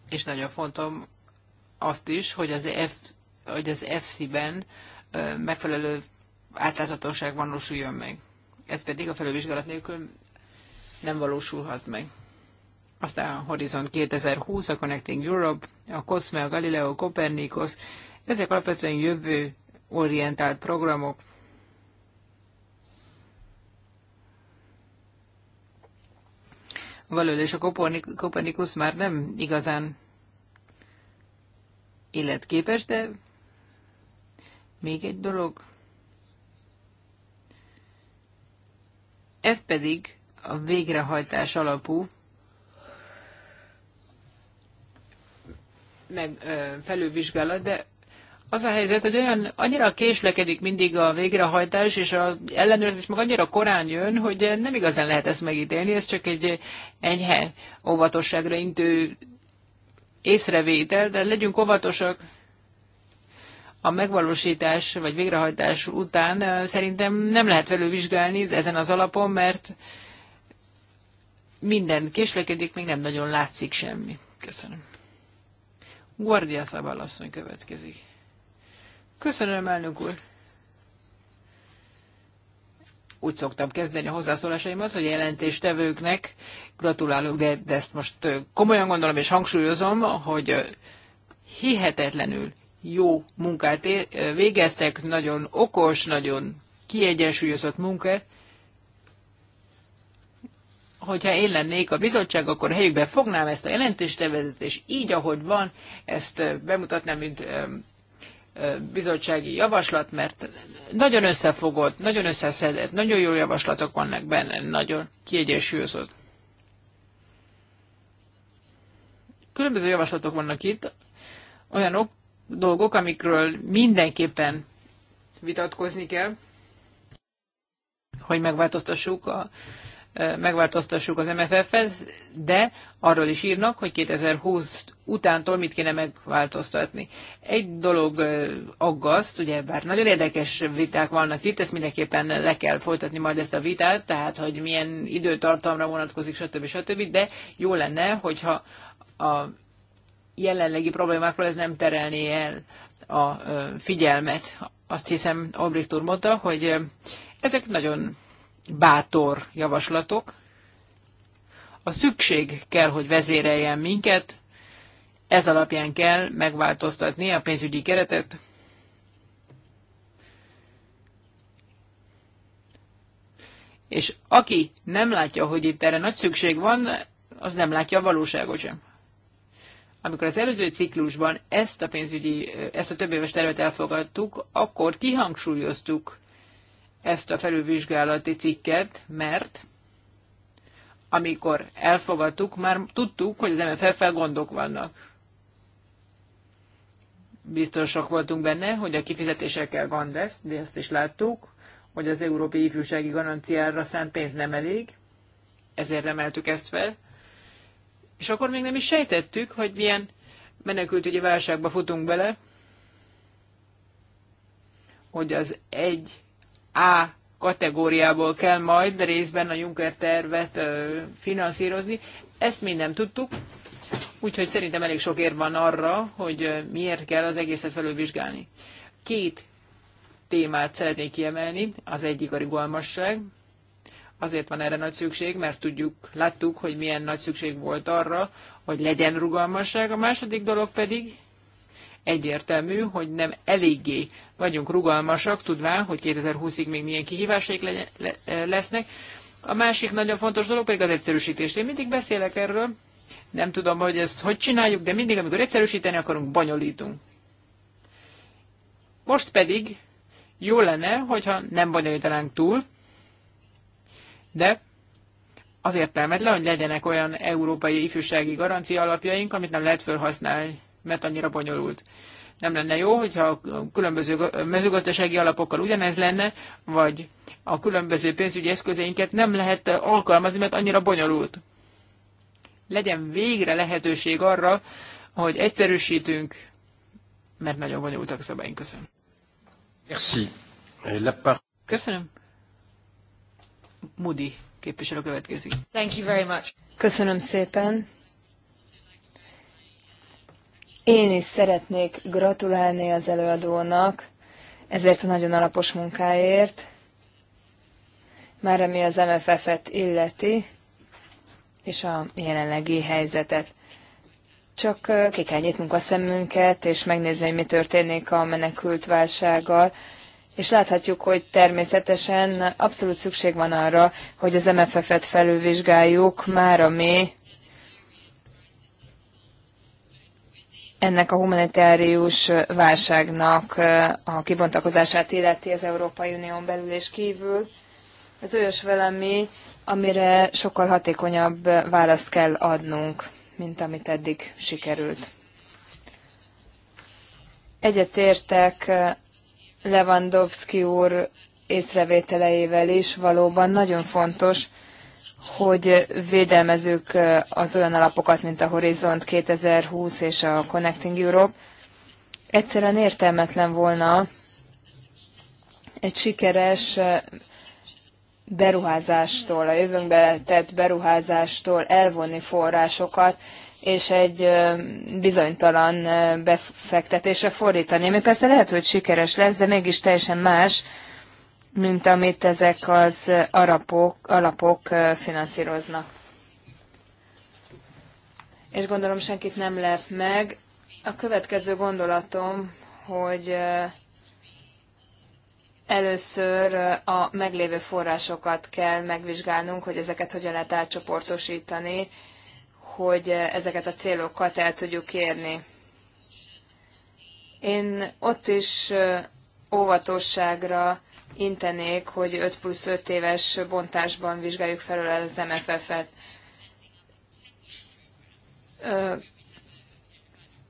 És nagyon fontom azt is, hogy az, F, hogy az FC-ben megfelelő átláthatóság valósuljon meg. Ez pedig a felülvizsgálat nélkül nem valósulhat meg aztán a Horizon 2020, a Connecting Europe, a COSME, a Galileo, Copernicus, ezek alapvetően jövő orientált programok. Valóban, és a Copernicus már nem igazán életképes, de még egy dolog. Ez pedig a végrehajtás alapú meg, felülvizsgálat, de az a helyzet, hogy olyan annyira késlekedik mindig a végrehajtás, és az ellenőrzés meg annyira korán jön, hogy nem igazán lehet ezt megítélni, ez csak egy enyhe óvatosságra intő észrevétel, de legyünk óvatosak a megvalósítás vagy végrehajtás után szerintem nem lehet felülvizsgálni ezen az alapon, mert minden késlekedik, még nem nagyon látszik semmi. Köszönöm. Guardia Zabal asszony következik. Köszönöm, elnök úr! Úgy szoktam kezdeni a hozzászólásaimat, hogy jelentéstevőknek gratulálok, de, de ezt most komolyan gondolom és hangsúlyozom, hogy hihetetlenül jó munkát végeztek, nagyon okos, nagyon kiegyensúlyozott munkát, hogyha én lennék a bizottság, akkor helyükben fognám ezt a jelentéstevezet, és így, ahogy van, ezt bemutatnám, mint bizottsági javaslat, mert nagyon összefogott, nagyon összeszedett, nagyon jó javaslatok vannak benne, nagyon kiegyensúlyozott. Különböző javaslatok vannak itt, olyanok, dolgok, amikről mindenképpen vitatkozni kell, hogy megváltoztassuk a megváltoztassuk az MFF-et, de arról is írnak, hogy 2020 utántól mit kéne megváltoztatni. Egy dolog aggaszt, ugye bár nagyon érdekes viták vannak itt, ezt mindenképpen le kell folytatni majd ezt a vitát, tehát hogy milyen időtartamra vonatkozik, stb. stb. De jó lenne, hogyha a jelenlegi problémákról ez nem terelné el a figyelmet. Azt hiszem, Obrichtur mondta, hogy ezek nagyon bátor javaslatok. A szükség kell, hogy vezéreljen minket, ez alapján kell megváltoztatni a pénzügyi keretet. És aki nem látja, hogy itt erre nagy szükség van, az nem látja a valóságot sem. Amikor az előző ciklusban ezt a pénzügyi, ezt a több éves tervet elfogadtuk, akkor kihangsúlyoztuk ezt a felülvizsgálati cikket, mert amikor elfogadtuk, már tudtuk, hogy az MFF-fel gondok vannak. Biztosak voltunk benne, hogy a kifizetésekkel gond lesz, de azt is láttuk, hogy az Európai Ifjúsági Garanciára szánt pénz nem elég, ezért emeltük ezt fel. És akkor még nem is sejtettük, hogy milyen menekültügyi válságba futunk bele, hogy az egy a kategóriából kell majd részben a Juncker tervet finanszírozni. Ezt mind nem tudtuk, úgyhogy szerintem elég sok ér van arra, hogy miért kell az egészet felülvizsgálni. Két témát szeretnék kiemelni, az egyik a rugalmasság, azért van erre nagy szükség, mert tudjuk, láttuk, hogy milyen nagy szükség volt arra, hogy legyen rugalmasság. A második dolog pedig egyértelmű, hogy nem eléggé vagyunk rugalmasak, tudván, hogy 2020-ig még milyen kihívásaik lesznek. A másik nagyon fontos dolog pedig az egyszerűsítés. Én mindig beszélek erről, nem tudom, hogy ezt hogy csináljuk, de mindig, amikor egyszerűsíteni akarunk, bonyolítunk. Most pedig jó lenne, hogyha nem bonyolítanánk túl, de az értelmet le, hogy legyenek olyan európai ifjúsági garancia alapjaink, amit nem lehet felhasználni mert annyira bonyolult. Nem lenne jó, hogyha a különböző mezőgazdasági alapokkal ugyanez lenne, vagy a különböző pénzügyi eszközeinket nem lehet alkalmazni, mert annyira bonyolult. Legyen végre lehetőség arra, hogy egyszerűsítünk, mert nagyon bonyolultak szabályunk. Köszönöm. Köszönöm. Moody képviselő következik. Thank you very much. Köszönöm szépen. Én is szeretnék gratulálni az előadónak ezért a nagyon alapos munkáért, már ami az MFF-et illeti, és a jelenlegi helyzetet. Csak ki kell nyitnunk a szemünket, és megnézni, hogy mi történik a menekült válsággal, és láthatjuk, hogy természetesen abszolút szükség van arra, hogy az MFF-et felülvizsgáljuk, már ami ennek a humanitárius válságnak a kibontakozását illeti az Európai Unión belül és kívül. Ez olyas valami, amire sokkal hatékonyabb választ kell adnunk, mint amit eddig sikerült. Egyetértek Lewandowski úr észrevételeivel is, valóban nagyon fontos, hogy védelmezzük az olyan alapokat, mint a Horizont 2020 és a Connecting Europe. Egyszerűen értelmetlen volna egy sikeres beruházástól, a jövőnkbe tett beruházástól elvonni forrásokat, és egy bizonytalan befektetésre fordítani. Ami persze lehet, hogy sikeres lesz, de mégis teljesen más, mint amit ezek az arapok, alapok finanszíroznak. És gondolom senkit nem lep meg. A következő gondolatom, hogy először a meglévő forrásokat kell megvizsgálnunk, hogy ezeket hogyan lehet átcsoportosítani, hogy ezeket a célokat el tudjuk érni. Én ott is óvatosságra intenék, hogy 5 plusz 5 éves bontásban vizsgáljuk felül az MFF-et.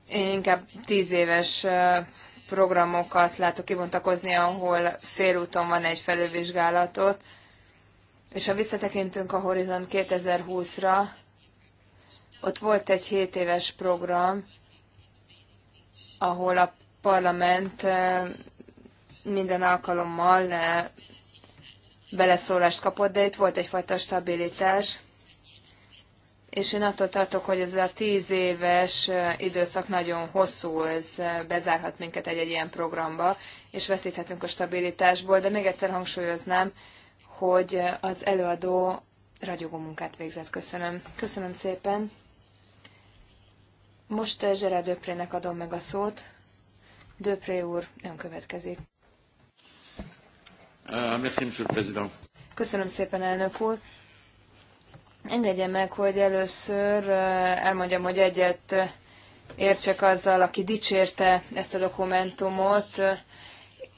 Én inkább 10 éves programokat látok kibontakozni, ahol félúton van egy felülvizsgálatot, és ha visszatekintünk a Horizon 2020-ra, ott volt egy 7 éves program, ahol a parlament minden alkalommal beleszólást kapott, de itt volt egyfajta stabilitás. És én attól tartok, hogy ez a tíz éves időszak nagyon hosszú, ez bezárhat minket egy-egy ilyen programba, és veszíthetünk a stabilitásból, de még egyszer hangsúlyoznám, hogy az előadó ragyogó munkát végzett. Köszönöm. Köszönöm szépen. Most Zserá Döprének adom meg a szót. Döpré úr, ön következik. Euh, Köszönöm szépen, elnök úr. Engedje meg, hogy először euh, elmondjam, hogy egyet értsek azzal, aki dicsérte ezt a dokumentumot.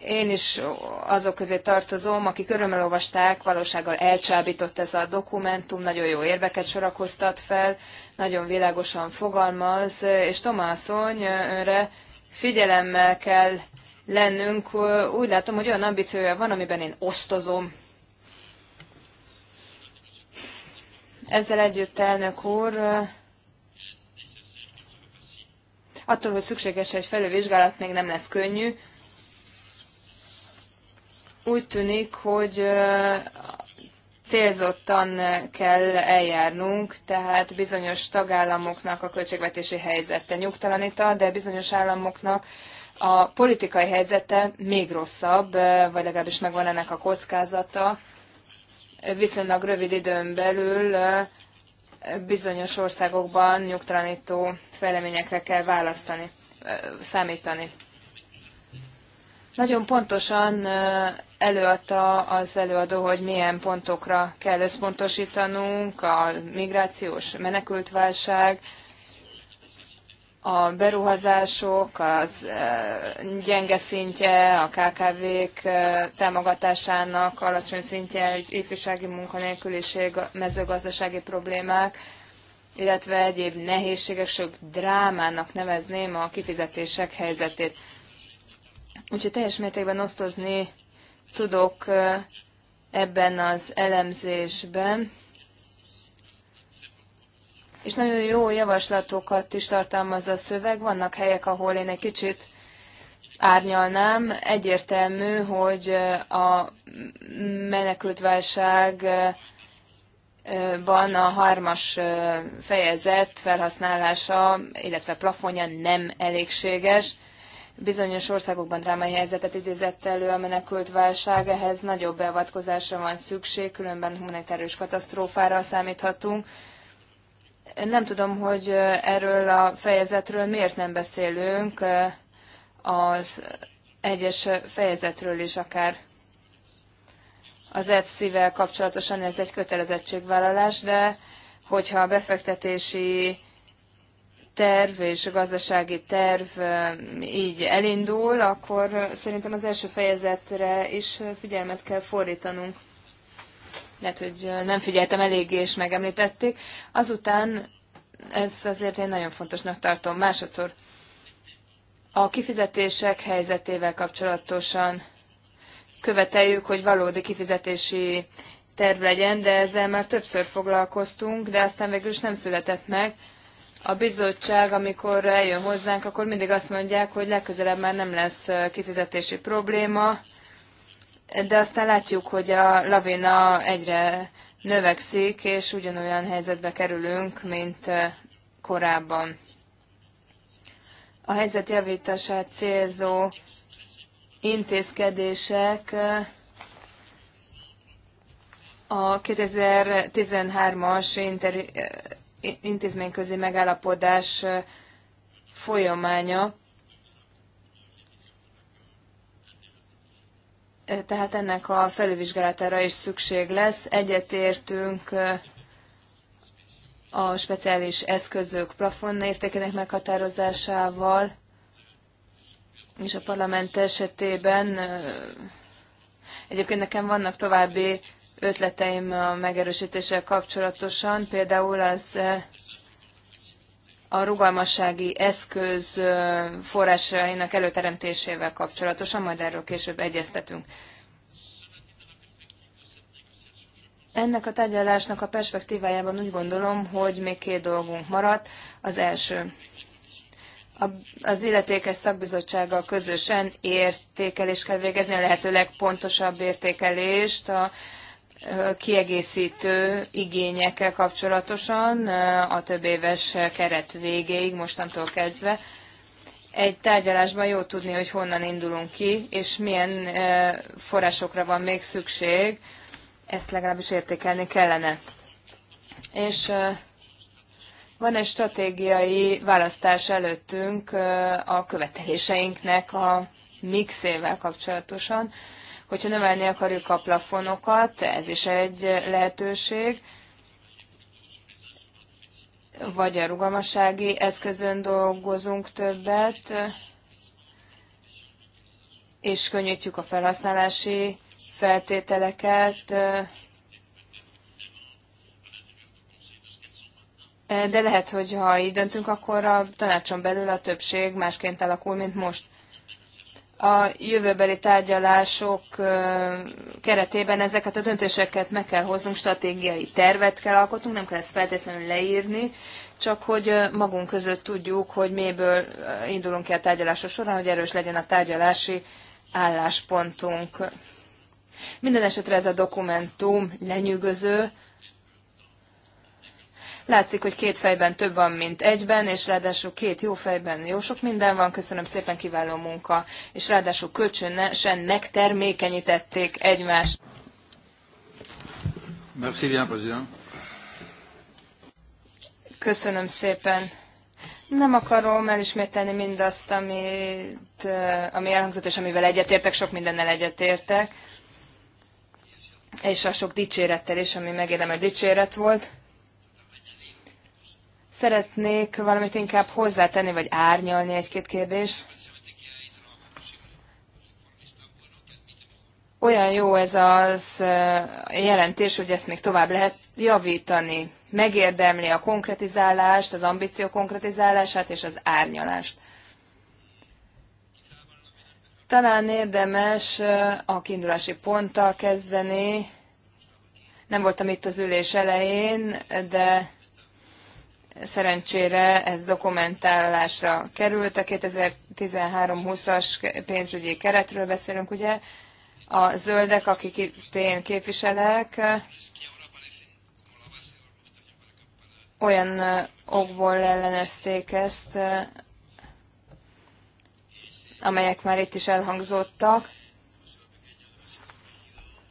Én is azok közé tartozom, akik örömmel olvasták, valósággal elcsábított ez a dokumentum, nagyon jó érveket sorakoztat fel, nagyon világosan fogalmaz, és Tomászony önre figyelemmel kell lennünk. Úgy látom, hogy olyan ambíciója van, amiben én osztozom. Ezzel együtt, elnök úr, attól, hogy szükséges egy felülvizsgálat, még nem lesz könnyű. Úgy tűnik, hogy célzottan kell eljárnunk, tehát bizonyos tagállamoknak a költségvetési helyzete nyugtalanita, de bizonyos államoknak a politikai helyzete még rosszabb, vagy legalábbis megvan ennek a kockázata. Viszonylag rövid időn belül bizonyos országokban nyugtalanító fejleményekre kell választani, számítani. Nagyon pontosan előadta az előadó, hogy milyen pontokra kell összpontosítanunk, a migrációs menekültválság, a beruházások, az gyenge szintje, a KKV-k támogatásának alacsony szintje, egy ifjúsági munkanélküliség, mezőgazdasági problémák, illetve egyéb nehézségek, sőt drámának nevezném a kifizetések helyzetét. Úgyhogy teljes mértékben osztozni tudok ebben az elemzésben. És nagyon jó javaslatokat is tartalmaz a szöveg. Vannak helyek, ahol én egy kicsit árnyalnám. Egyértelmű, hogy a menekültválságban a hármas fejezet felhasználása, illetve plafonja nem elégséges bizonyos országokban drámai helyzetet idézett elő a menekült válság, ehhez nagyobb beavatkozásra van szükség, különben humanitárius katasztrófára számíthatunk. Nem tudom, hogy erről a fejezetről miért nem beszélünk, az egyes fejezetről is akár. Az EFSZ-vel kapcsolatosan ez egy kötelezettségvállalás, de hogyha a befektetési terv és a gazdasági terv így elindul, akkor szerintem az első fejezetre is figyelmet kell fordítanunk. Lehet, hogy nem figyeltem eléggé, és megemlítették. Azután ez azért én nagyon fontosnak tartom. Másodszor a kifizetések helyzetével kapcsolatosan követeljük, hogy valódi kifizetési terv legyen, de ezzel már többször foglalkoztunk, de aztán végül is nem született meg a bizottság, amikor eljön hozzánk, akkor mindig azt mondják, hogy legközelebb már nem lesz kifizetési probléma, de aztán látjuk, hogy a lavina egyre növekszik, és ugyanolyan helyzetbe kerülünk, mint korábban. A helyzet javítását célzó intézkedések a 2013-as intézményközi megállapodás folyamánya. Tehát ennek a felülvizsgálatára is szükség lesz. Egyetértünk a speciális eszközök plafon értékének meghatározásával, és a parlament esetében egyébként nekem vannak további ötleteim a megerősítéssel kapcsolatosan, például az a rugalmassági eszköz forrásainak előteremtésével kapcsolatosan, majd erről később egyeztetünk. Ennek a tárgyalásnak a perspektívájában úgy gondolom, hogy még két dolgunk maradt. Az első, az illetékes szakbizottsággal közösen értékelést kell végezni, a lehető legpontosabb értékelést a kiegészítő igényekkel kapcsolatosan a több éves keret végéig, mostantól kezdve. Egy tárgyalásban jó tudni, hogy honnan indulunk ki, és milyen forrásokra van még szükség, ezt legalábbis értékelni kellene. És van egy stratégiai választás előttünk a követeléseinknek a mixével kapcsolatosan. Hogyha növelni akarjuk a plafonokat, ez is egy lehetőség, vagy a rugalmassági eszközön dolgozunk többet, és könnyítjük a felhasználási feltételeket, de lehet, hogy ha így döntünk, akkor a tanácson belül a többség másként alakul, mint most a jövőbeli tárgyalások keretében ezeket a döntéseket meg kell hoznunk, stratégiai tervet kell alkotnunk, nem kell ezt feltétlenül leírni, csak hogy magunk között tudjuk, hogy miből indulunk ki a tárgyalások során, hogy erős legyen a tárgyalási álláspontunk. Minden esetre ez a dokumentum lenyűgöző, Látszik, hogy két fejben több van, mint egyben, és ráadásul két jó fejben jó sok minden van. Köszönöm szépen, kiváló munka, és ráadásul kölcsönösen megtermékenyítették egymást. Merci bien, président. Köszönöm szépen. Nem akarom elismételni mindazt, amit, eh, ami elhangzott, és amivel egyetértek, sok mindennel egyetértek, és a sok dicsérettel is, ami megérdemel dicséret volt. Szeretnék valamit inkább hozzátenni, vagy árnyalni egy-két kérdés. Olyan jó ez az eh, jelentés, hogy ezt még tovább lehet javítani. Megérdemli a konkretizálást, az ambíció konkretizálását és az árnyalást talán érdemes eh, a kiindulási ponttal kezdeni. Nem voltam itt az ülés elején, de Szerencsére ez dokumentálásra került. A 2013-20-as pénzügyi keretről beszélünk, ugye? A zöldek, akik itt én képviselek, olyan okból ellenezték ezt, amelyek már itt is elhangzottak.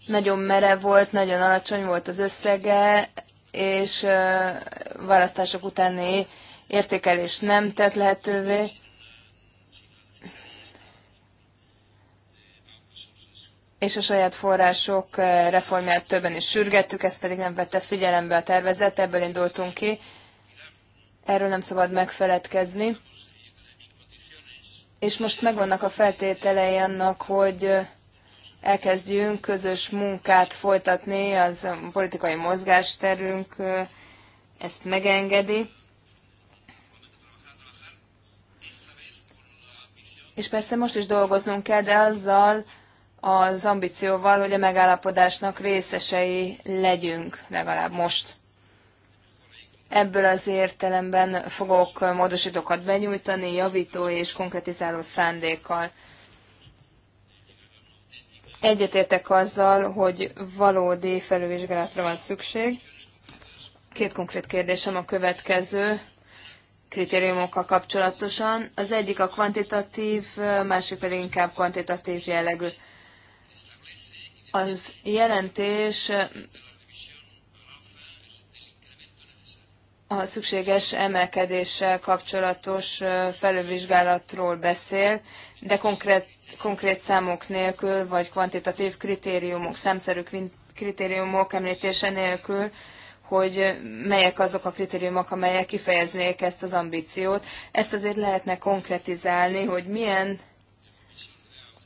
Nagyon merev volt, nagyon alacsony volt az összege, és választások utáni értékelés nem tett lehetővé. és a saját források reformját többen is sürgettük, ezt pedig nem vette figyelembe a tervezet, ebből indultunk ki. Erről nem szabad megfeledkezni. És most megvannak a feltételei annak, hogy elkezdjünk közös munkát folytatni, az a politikai mozgásterünk ezt megengedi. És persze most is dolgoznunk kell, de azzal az ambícióval, hogy a megállapodásnak részesei legyünk, legalább most. Ebből az értelemben fogok módosítókat benyújtani, javító és konkretizáló szándékkal. Egyetértek azzal, hogy valódi felülvizsgálatra van szükség. Két konkrét kérdésem a következő kritériumokkal kapcsolatosan. Az egyik a kvantitatív, másik pedig inkább kvantitatív jellegű. Az jelentés a szükséges emelkedéssel kapcsolatos felülvizsgálatról beszél, de konkrét konkrét számok nélkül, vagy kvantitatív kritériumok, szemszerű kritériumok említése nélkül, hogy melyek azok a kritériumok, amelyek kifejeznék ezt az ambíciót. Ezt azért lehetne konkretizálni, hogy milyen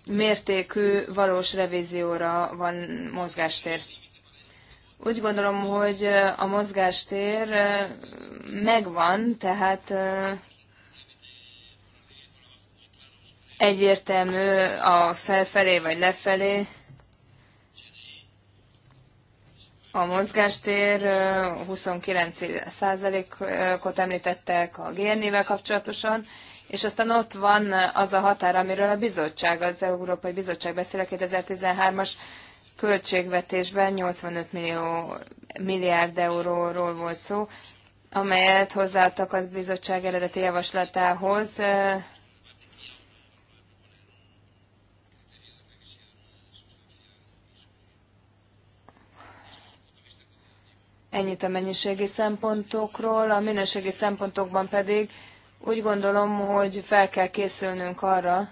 mértékű valós revízióra van mozgástér. Úgy gondolom, hogy a mozgástér megvan, tehát egyértelmű a felfelé vagy lefelé a mozgástér 29%-ot említettek a GNI-vel kapcsolatosan, és aztán ott van az a határ, amiről a bizottság, az Európai Bizottság beszél a 2013-as költségvetésben 85 millió, milliárd euróról volt szó, amelyet hozzáadtak a bizottság eredeti javaslatához, Ennyit a mennyiségi szempontokról, a minőségi szempontokban pedig úgy gondolom, hogy fel kell készülnünk arra,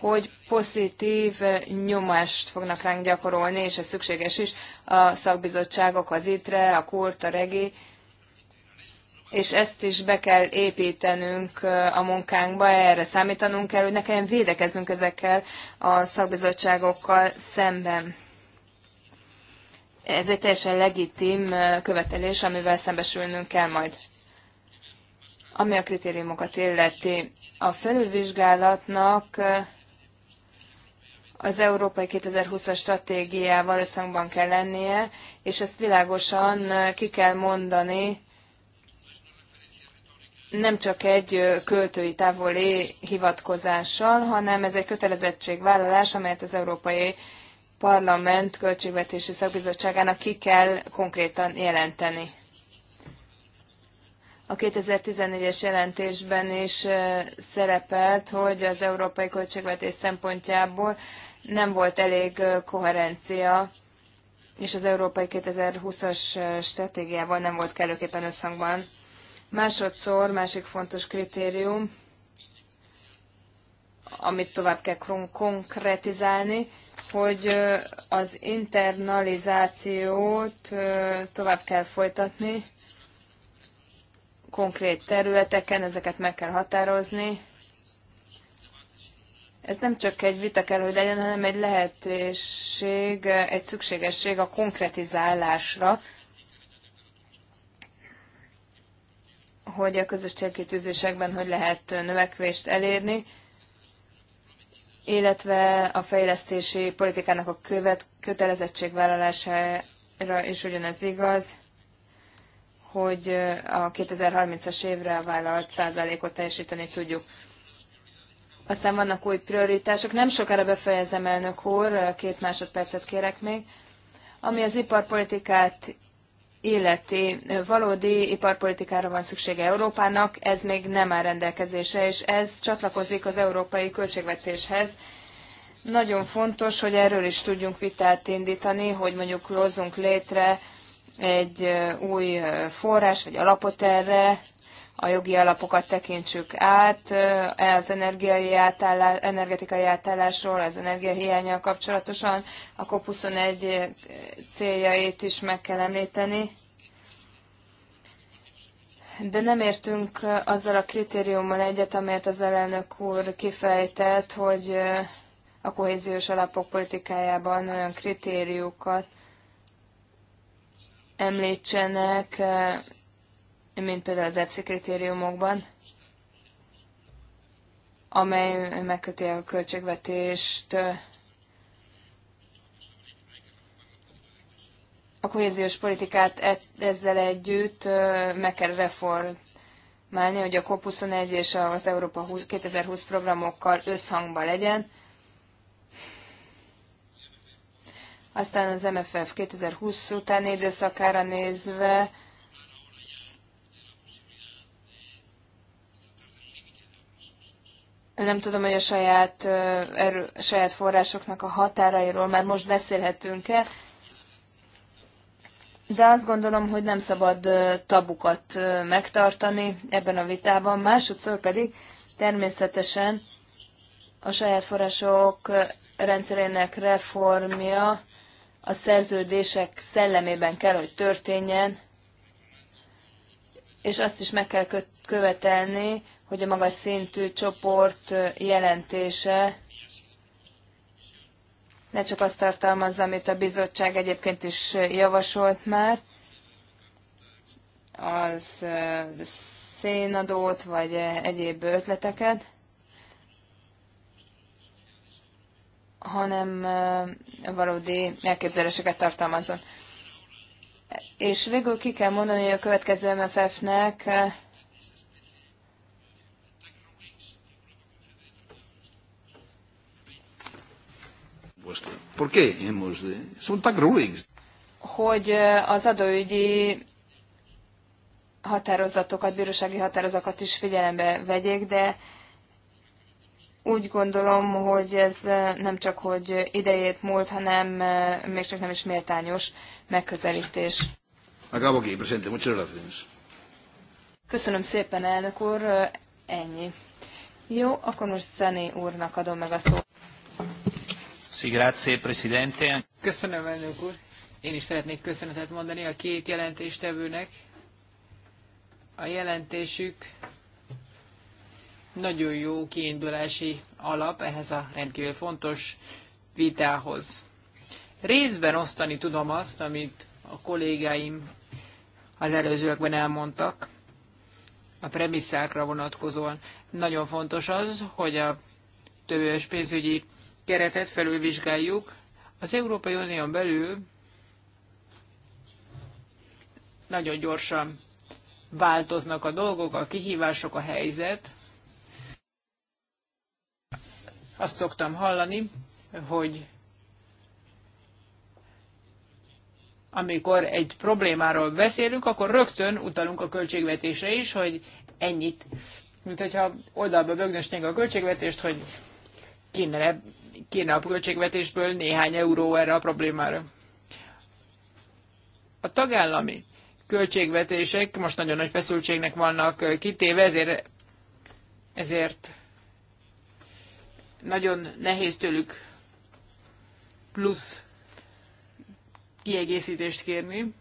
hogy pozitív nyomást fognak ránk gyakorolni, és ez szükséges is, a szakbizottságok, az ITRE, a KURT, a REGI, és ezt is be kell építenünk a munkánkba, erre számítanunk kell, hogy ne kelljen védekeznünk ezekkel a szakbizottságokkal szemben. Ez egy teljesen legitim követelés, amivel szembesülnünk kell majd. Ami a kritériumokat illeti, a felülvizsgálatnak az Európai 2020-as stratégiával összhangban kell lennie, és ezt világosan ki kell mondani, nem csak egy költői távoli hivatkozással, hanem ez egy kötelezettségvállalás, amelyet az Európai parlament költségvetési szakbizottságának ki kell konkrétan jelenteni. A 2014-es jelentésben is szerepelt, hogy az európai költségvetés szempontjából nem volt elég koherencia, és az európai 2020-as stratégiával nem volt kellőképpen összhangban. Másodszor, másik fontos kritérium, amit tovább kell konkretizálni, hogy az internalizációt tovább kell folytatni konkrét területeken, ezeket meg kell határozni. Ez nem csak egy vita kell, hogy legyen, hanem egy lehetőség, egy szükségesség a konkretizálásra, hogy a közös célkitűzésekben hogy lehet növekvést elérni illetve a fejlesztési politikának a követ, kötelezettségvállalására is ugyanez igaz, hogy a 2030-as évre vállalt százalékot teljesíteni tudjuk. Aztán vannak új prioritások. Nem sokára befejezem, elnök úr, két másodpercet kérek még. Ami az iparpolitikát illeti valódi iparpolitikára van szüksége Európának, ez még nem áll rendelkezésre, és ez csatlakozik az európai költségvetéshez. Nagyon fontos, hogy erről is tudjunk vitát indítani, hogy mondjuk hozzunk létre egy új forrás vagy alapot erre, a jogi alapokat tekintsük át, az energiai átállás, energetikai átállásról, az energiahiányjal kapcsolatosan, a COP21 céljait is meg kell említeni. De nem értünk azzal a kritériummal egyet, amelyet az elnök úr kifejtett, hogy a kohéziós alapok politikájában olyan kritériumokat említsenek, mint például az EPSZI kritériumokban, amely megköti a költségvetést a kohéziós politikát e- ezzel együtt meg kell reformálni, hogy a COP21 és az Európa 2020 programokkal összhangban legyen. Aztán az MFF 2020 utáni időszakára nézve Nem tudom, hogy a saját, erő, saját forrásoknak a határairól már most beszélhetünk-e, de azt gondolom, hogy nem szabad tabukat megtartani ebben a vitában. Másodszor pedig természetesen a saját források rendszerének reformja a szerződések szellemében kell, hogy történjen, és azt is meg kell követelni, hogy a magas szintű csoport jelentése ne csak azt tartalmazza, amit a bizottság egyébként is javasolt már, az szénadót, vagy egyéb ötleteket, hanem valódi elképzeléseket tartalmazott. És végül ki kell mondani, hogy a következő MFF-nek Hogy eh, az adóügyi határozatokat, bírósági határozatokat is figyelembe vegyék, de úgy gondolom, hogy ez eh, nem csak, hogy idejét múlt, hanem eh, még csak nem is méltányos megközelítés. Acabo aquí, presidente. Muchas gracias. Köszönöm szépen, elnök úr. Ennyi. Jó, akkor most Szené úrnak adom meg a szót. Sí, grazie, Presidente. Köszönöm, elnök úr. Én is szeretnék köszönetet mondani a két jelentéstevőnek. A jelentésük nagyon jó kiindulási alap ehhez a rendkívül fontos vitához. Részben osztani tudom azt, amit a kollégáim az előzőekben elmondtak, a premisszákra vonatkozóan. Nagyon fontos az, hogy a tövős pénzügyi keretet felülvizsgáljuk. Az Európai Unión belül nagyon gyorsan változnak a dolgok, a kihívások, a helyzet. Azt szoktam hallani, hogy amikor egy problémáról beszélünk, akkor rögtön utalunk a költségvetésre is, hogy ennyit. Mint hogyha oldalba bögnösnénk a költségvetést, hogy kéne, kéne a költségvetésből néhány euró erre a problémára. A tagállami költségvetések most nagyon nagy feszültségnek vannak kitéve, ezért, ezért nagyon nehéz tőlük plusz kiegészítést kérni.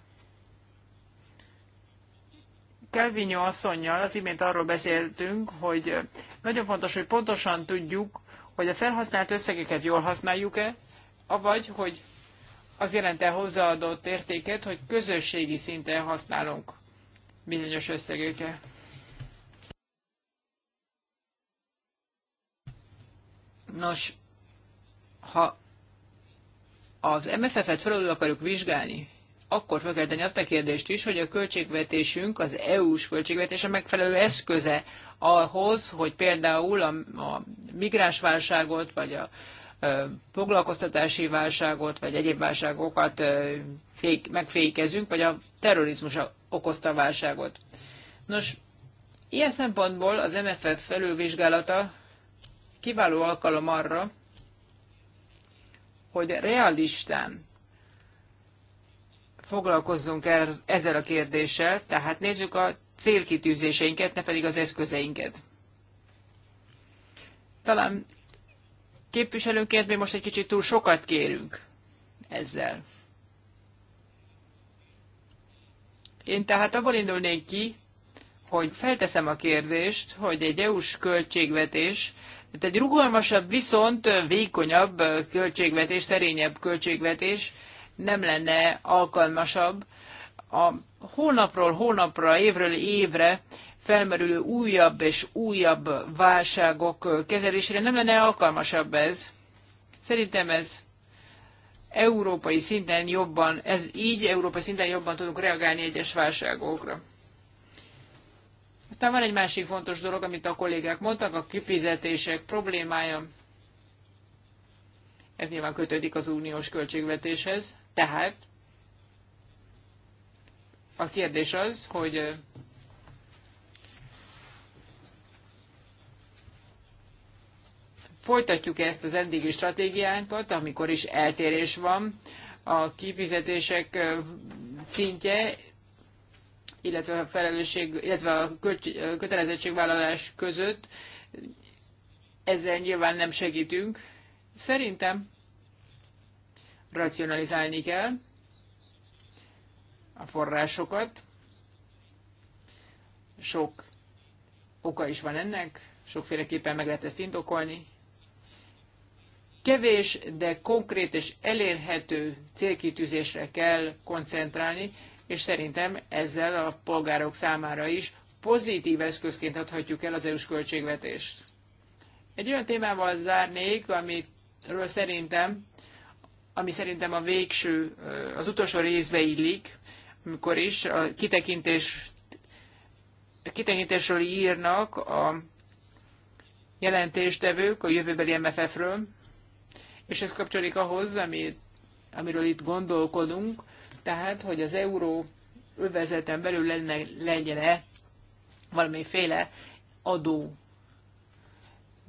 Kelvinyó asszonynal az imént arról beszéltünk, hogy nagyon fontos, hogy pontosan tudjuk, hogy a felhasznált összegeket jól használjuk-e, avagy, hogy az jelente hozzáadott értéket, hogy közösségi szinten használunk bizonyos összegeket. Nos, ha az MFF-et felül akarjuk vizsgálni, akkor fel kell tenni azt a kérdést is, hogy a költségvetésünk, az EU-s költségvetése megfelelő eszköze ahhoz, hogy például a, a migránsválságot, vagy a, foglalkoztatási válságot, vagy egyéb válságokat fék, megfékezünk, vagy a terrorizmus okozta válságot. Nos, ilyen szempontból az MFF felülvizsgálata kiváló alkalom arra, hogy realistán foglalkozzunk el ezzel a kérdéssel, tehát nézzük a célkitűzéseinket, ne pedig az eszközeinket. Talán képviselőként mi most egy kicsit túl sokat kérünk ezzel. Én tehát abból indulnék ki, hogy felteszem a kérdést, hogy egy EU-s költségvetés, tehát egy rugalmasabb, viszont vékonyabb költségvetés, szerényebb költségvetés nem lenne alkalmasabb a hónapról hónapra, évről évre felmerülő újabb és újabb válságok kezelésére nem lenne alkalmasabb ez. Szerintem ez európai szinten jobban, ez így európai szinten jobban tudunk reagálni egyes válságokra. Aztán van egy másik fontos dolog, amit a kollégák mondtak, a kifizetések problémája. Ez nyilván kötődik az uniós költségvetéshez. Tehát a kérdés az, hogy folytatjuk -e ezt az eddigi stratégiánkat, amikor is eltérés van a kifizetések szintje, illetve a felelősség, illetve a kötelezettségvállalás között. Ezzel nyilván nem segítünk. Szerintem racionalizálni kell a forrásokat. Sok oka is van ennek, sokféleképpen meg lehet ezt indokolni. Kevés, de konkrét és elérhető célkitűzésre kell koncentrálni, és szerintem ezzel a polgárok számára is pozitív eszközként adhatjuk el az EU-s költségvetést. Egy olyan témával zárnék, amiről szerintem ami szerintem a végső, az utolsó részbe illik, amikor is a kitekintés, a kitekintésről írnak a jelentéstevők a jövőbeli MFF-ről, és ez kapcsolódik ahhoz, ami amiről itt gondolkodunk, tehát, hogy az euró övezeten belül lenne, legyen-e valamiféle adó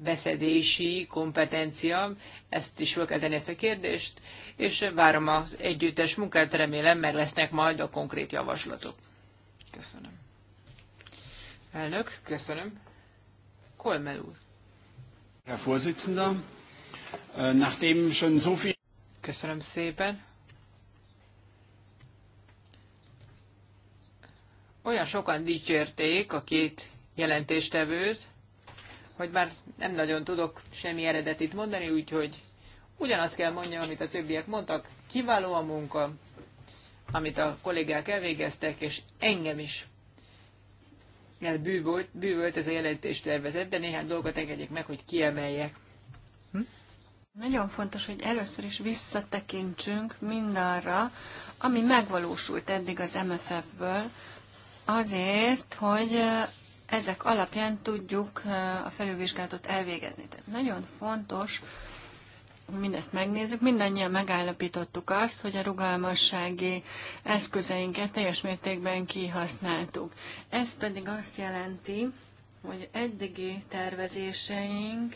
beszedési kompetencia, ezt is fel kell tenni ezt a kérdést, és várom az együttes munkát, remélem meg lesznek majd a konkrét javaslatok. Köszönöm. Elnök, köszönöm. Kolmel úr. Herr Vorsitzender, äh, nachdem schon so viel... Köszönöm szépen. Olyan sokan dicsérték a két jelentéstevőt, hogy már nem nagyon tudok semmi eredetit mondani, úgyhogy ugyanazt kell mondjam, amit a többiek mondtak. Kiváló a munka, amit a kollégák elvégeztek, és engem is elbűvölt bűvölt ez a jelentés tervezet, de néhány dolgot engedjék meg, hogy kiemeljek. Hm? Nagyon fontos, hogy először is visszatekintsünk mindarra, ami megvalósult eddig az MFF-ből, azért, hogy ezek alapján tudjuk a felülvizsgálatot elvégezni. Tehát nagyon fontos, mindezt megnézzük, mindannyian megállapítottuk azt, hogy a rugalmassági eszközeinket teljes mértékben kihasználtuk. Ez pedig azt jelenti, hogy eddigi tervezéseink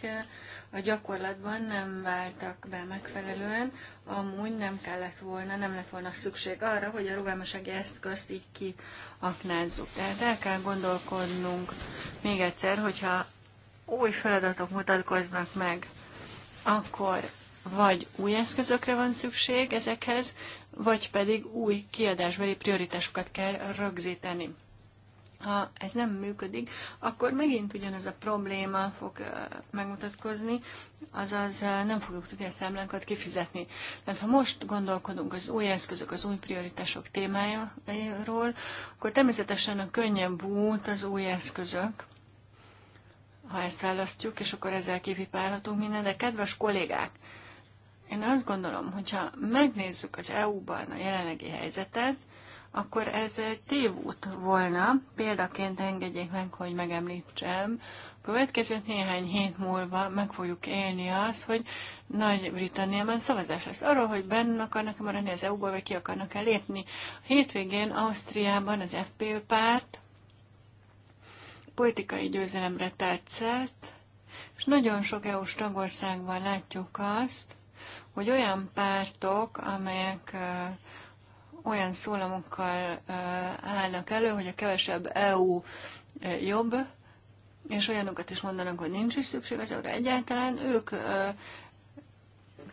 a gyakorlatban nem váltak be megfelelően, amúgy nem kellett volna, nem lett volna szükség arra, hogy a rugalmasági eszközt így kiaknázzuk. Tehát el kell gondolkodnunk még egyszer, hogyha új feladatok mutatkoznak meg, akkor vagy új eszközökre van szükség ezekhez, vagy pedig új kiadásbeli prioritásokat kell rögzíteni ha ez nem működik, akkor megint ugyanaz a probléma fog megmutatkozni, azaz nem fogjuk tudni a számlánkat kifizetni. Mert ha most gondolkodunk az új eszközök, az új prioritások témájáról, akkor természetesen a könnyebb út az új eszközök, ha ezt választjuk, és akkor ezzel kipipálhatunk minden, de kedves kollégák, én azt gondolom, hogyha megnézzük az EU-ban a jelenlegi helyzetet, akkor ez egy tévút volna. Példaként engedjék meg, hogy megemlítsem. A következő néhány hét múlva meg fogjuk élni azt, hogy Nagy-Britanniában szavazás lesz arról, hogy benne akarnak-e maradni az EU-ból, vagy ki akarnak-e lépni. A hétvégén Ausztriában az FPÖ párt politikai győzelemre tetszett, és nagyon sok EU-s tagországban látjuk azt, hogy olyan pártok, amelyek uh, olyan szólamokkal állnak elő, hogy a kevesebb EU jobb, és olyanokat is mondanak, hogy nincs is szükség az eu egyáltalán, ők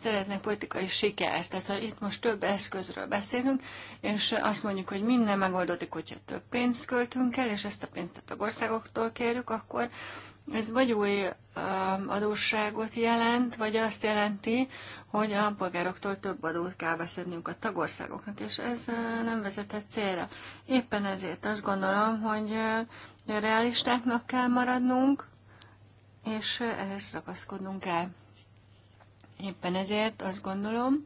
szeretnek politikai sikert. Tehát ha itt most több eszközről beszélünk, és azt mondjuk, hogy minden megoldódik, hogyha több pénzt költünk el, és ezt a pénzt a tagországoktól kérjük, akkor ez vagy új adósságot jelent, vagy azt jelenti, hogy a polgároktól több adót kell beszednünk a tagországoknak, és ez nem vezetett célra. Éppen ezért azt gondolom, hogy realistáknak kell maradnunk, és ehhez ragaszkodnunk kell. Éppen ezért azt gondolom,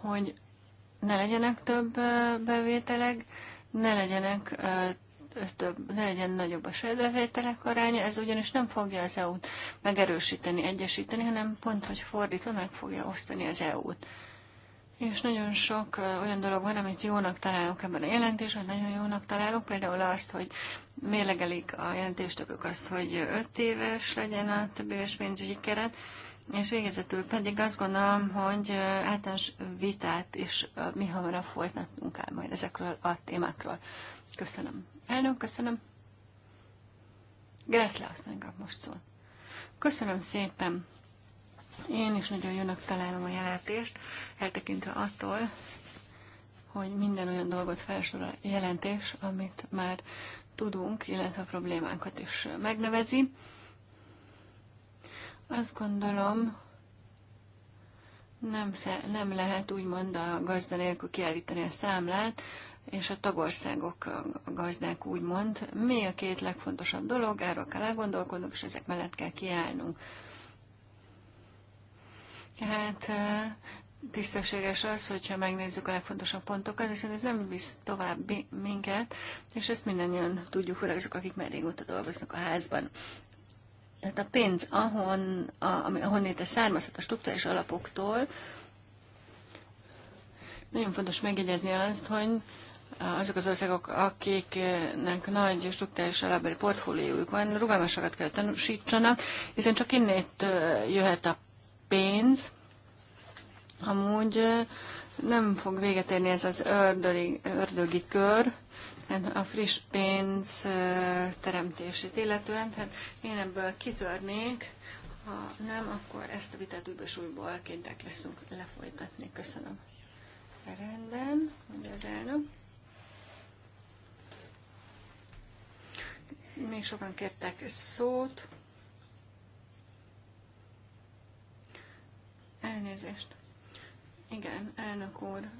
hogy ne legyenek több bevételek, ne legyenek több, ne legyen nagyobb a sejtbevételek aránya, ez ugyanis nem fogja az EU-t megerősíteni, egyesíteni, hanem pont, hogy fordítva meg fogja osztani az EU-t. És nagyon sok olyan dolog van, amit jónak találok ebben a jelentésben, nagyon jónak találok, például azt, hogy mérlegelik a jelentéstökök azt, hogy 5 éves legyen a több éves pénzügyi keret, és végezetül pedig azt gondolom, hogy általános vitát is mi hamarabb folytatnunk el majd ezekről a témákról. Köszönöm. Elnök, köszönöm. Gressle azt kap most szól. Köszönöm szépen. Én is nagyon jónak találom a jelentést, eltekintve attól, hogy minden olyan dolgot felsorol a jelentés, amit már tudunk, illetve a problémánkat is megnevezi. Azt gondolom, nem, nem lehet úgymond a gazda nélkül kiállítani a számlát, és a tagországok a gazdák úgymond. Mi a két legfontosabb dolog, erről kell elgondolkodnunk, és ezek mellett kell kiállnunk. Hát tisztességes az, hogyha megnézzük a legfontosabb pontokat, hiszen ez nem visz tovább minket, és ezt mindannyian tudjuk, főleg azok, akik már régóta dolgoznak a házban. Tehát a pénz, ahon, a, ahonnét ez származhat a struktúrás alapoktól, nagyon fontos megjegyezni azt, hogy azok az országok, akiknek nagy struktúrális alábeli portfóliójuk van, rugalmasokat kell tanúsítsanak, hiszen csak innét jöhet a pénz, amúgy nem fog véget érni ez az ördögi, ördögi kör, a friss pénz teremtését illetően, tehát én ebből kitörnék, ha nem, akkor ezt a vitát újból és újból leszünk lefolytatni. Köszönöm. Rendben, mondja az elnök. Még sokan kértek szót. Elnézést. Igen, elnök úr.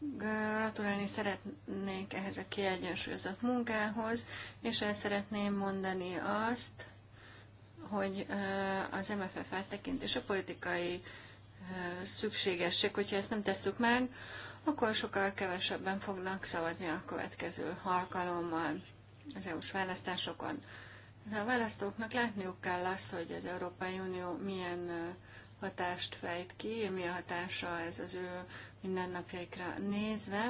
Gratulálni szeretnék ehhez a kiegyensúlyozott munkához, és el szeretném mondani azt, hogy az MFF áttekintés a politikai szükségesség, hogyha ezt nem tesszük meg, akkor sokkal kevesebben fognak szavazni a következő alkalommal az EU-s választásokon. De a választóknak látniuk kell azt, hogy az Európai Unió milyen hatást fejt ki, mi a hatása ez az ő mindennapjaikra nézve.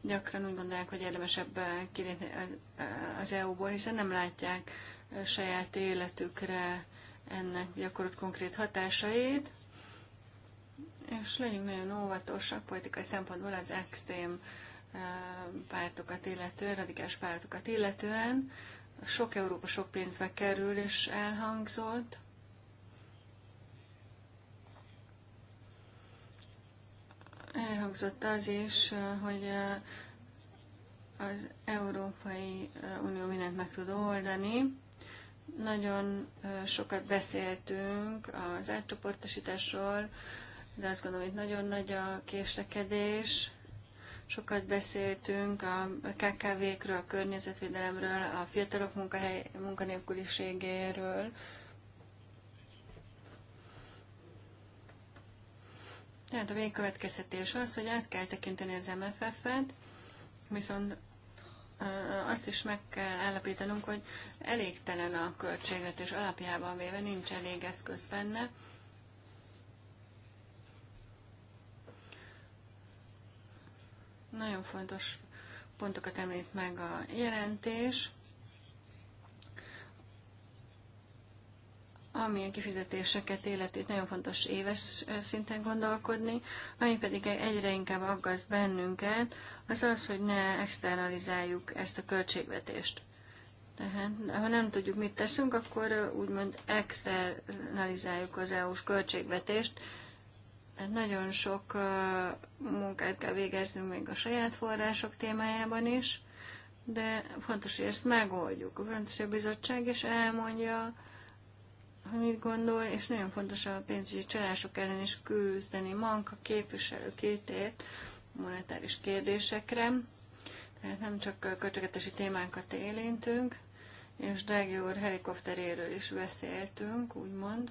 Gyakran úgy gondolják, hogy érdemesebb kilépni az EU-ból, hiszen nem látják saját életükre ennek gyakorolt konkrét hatásait és legyünk nagyon óvatosak politikai szempontból az extrém eh, pártokat illetően, radikális pártokat illetően. Sok Európa sok pénzbe kerül, és elhangzott. Elhangzott az is, hogy eh, az Európai eh, Unió mindent meg tud oldani. Nagyon sokat beszéltünk az átcsoportosításról, de azt gondolom, hogy nagyon nagy a késlekedés. Sokat beszéltünk a KKV-kről, a környezetvédelemről, a fiatalok munkahely, munkanélküliségéről. Tehát a végkövetkeztetés az, hogy át kell tekinteni az MFF-et, viszont azt is meg kell állapítanunk, hogy elégtelen a költségvetés alapjában véve, nincs elég eszköz benne. Nagyon fontos pontokat említ meg a jelentés, ami a kifizetéseket illeti, nagyon fontos éves szinten gondolkodni, ami pedig egyre inkább aggaszt bennünket, az az, hogy ne externalizáljuk ezt a költségvetést. Tehát, ha nem tudjuk, mit teszünk, akkor úgymond externalizáljuk az EU-s költségvetést, Hát nagyon sok munkát kell végeznünk még a saját források témájában is, de fontos, hogy ezt megoldjuk. A fontos, hogy a bizottság is elmondja, mit gondol, és nagyon fontos a pénzügyi csalások ellen is küzdeni. Manka képviselő kétért monetáris kérdésekre, tehát nem csak költségetesi témákat élintünk, és Drági úr helikopteréről is beszéltünk, úgymond.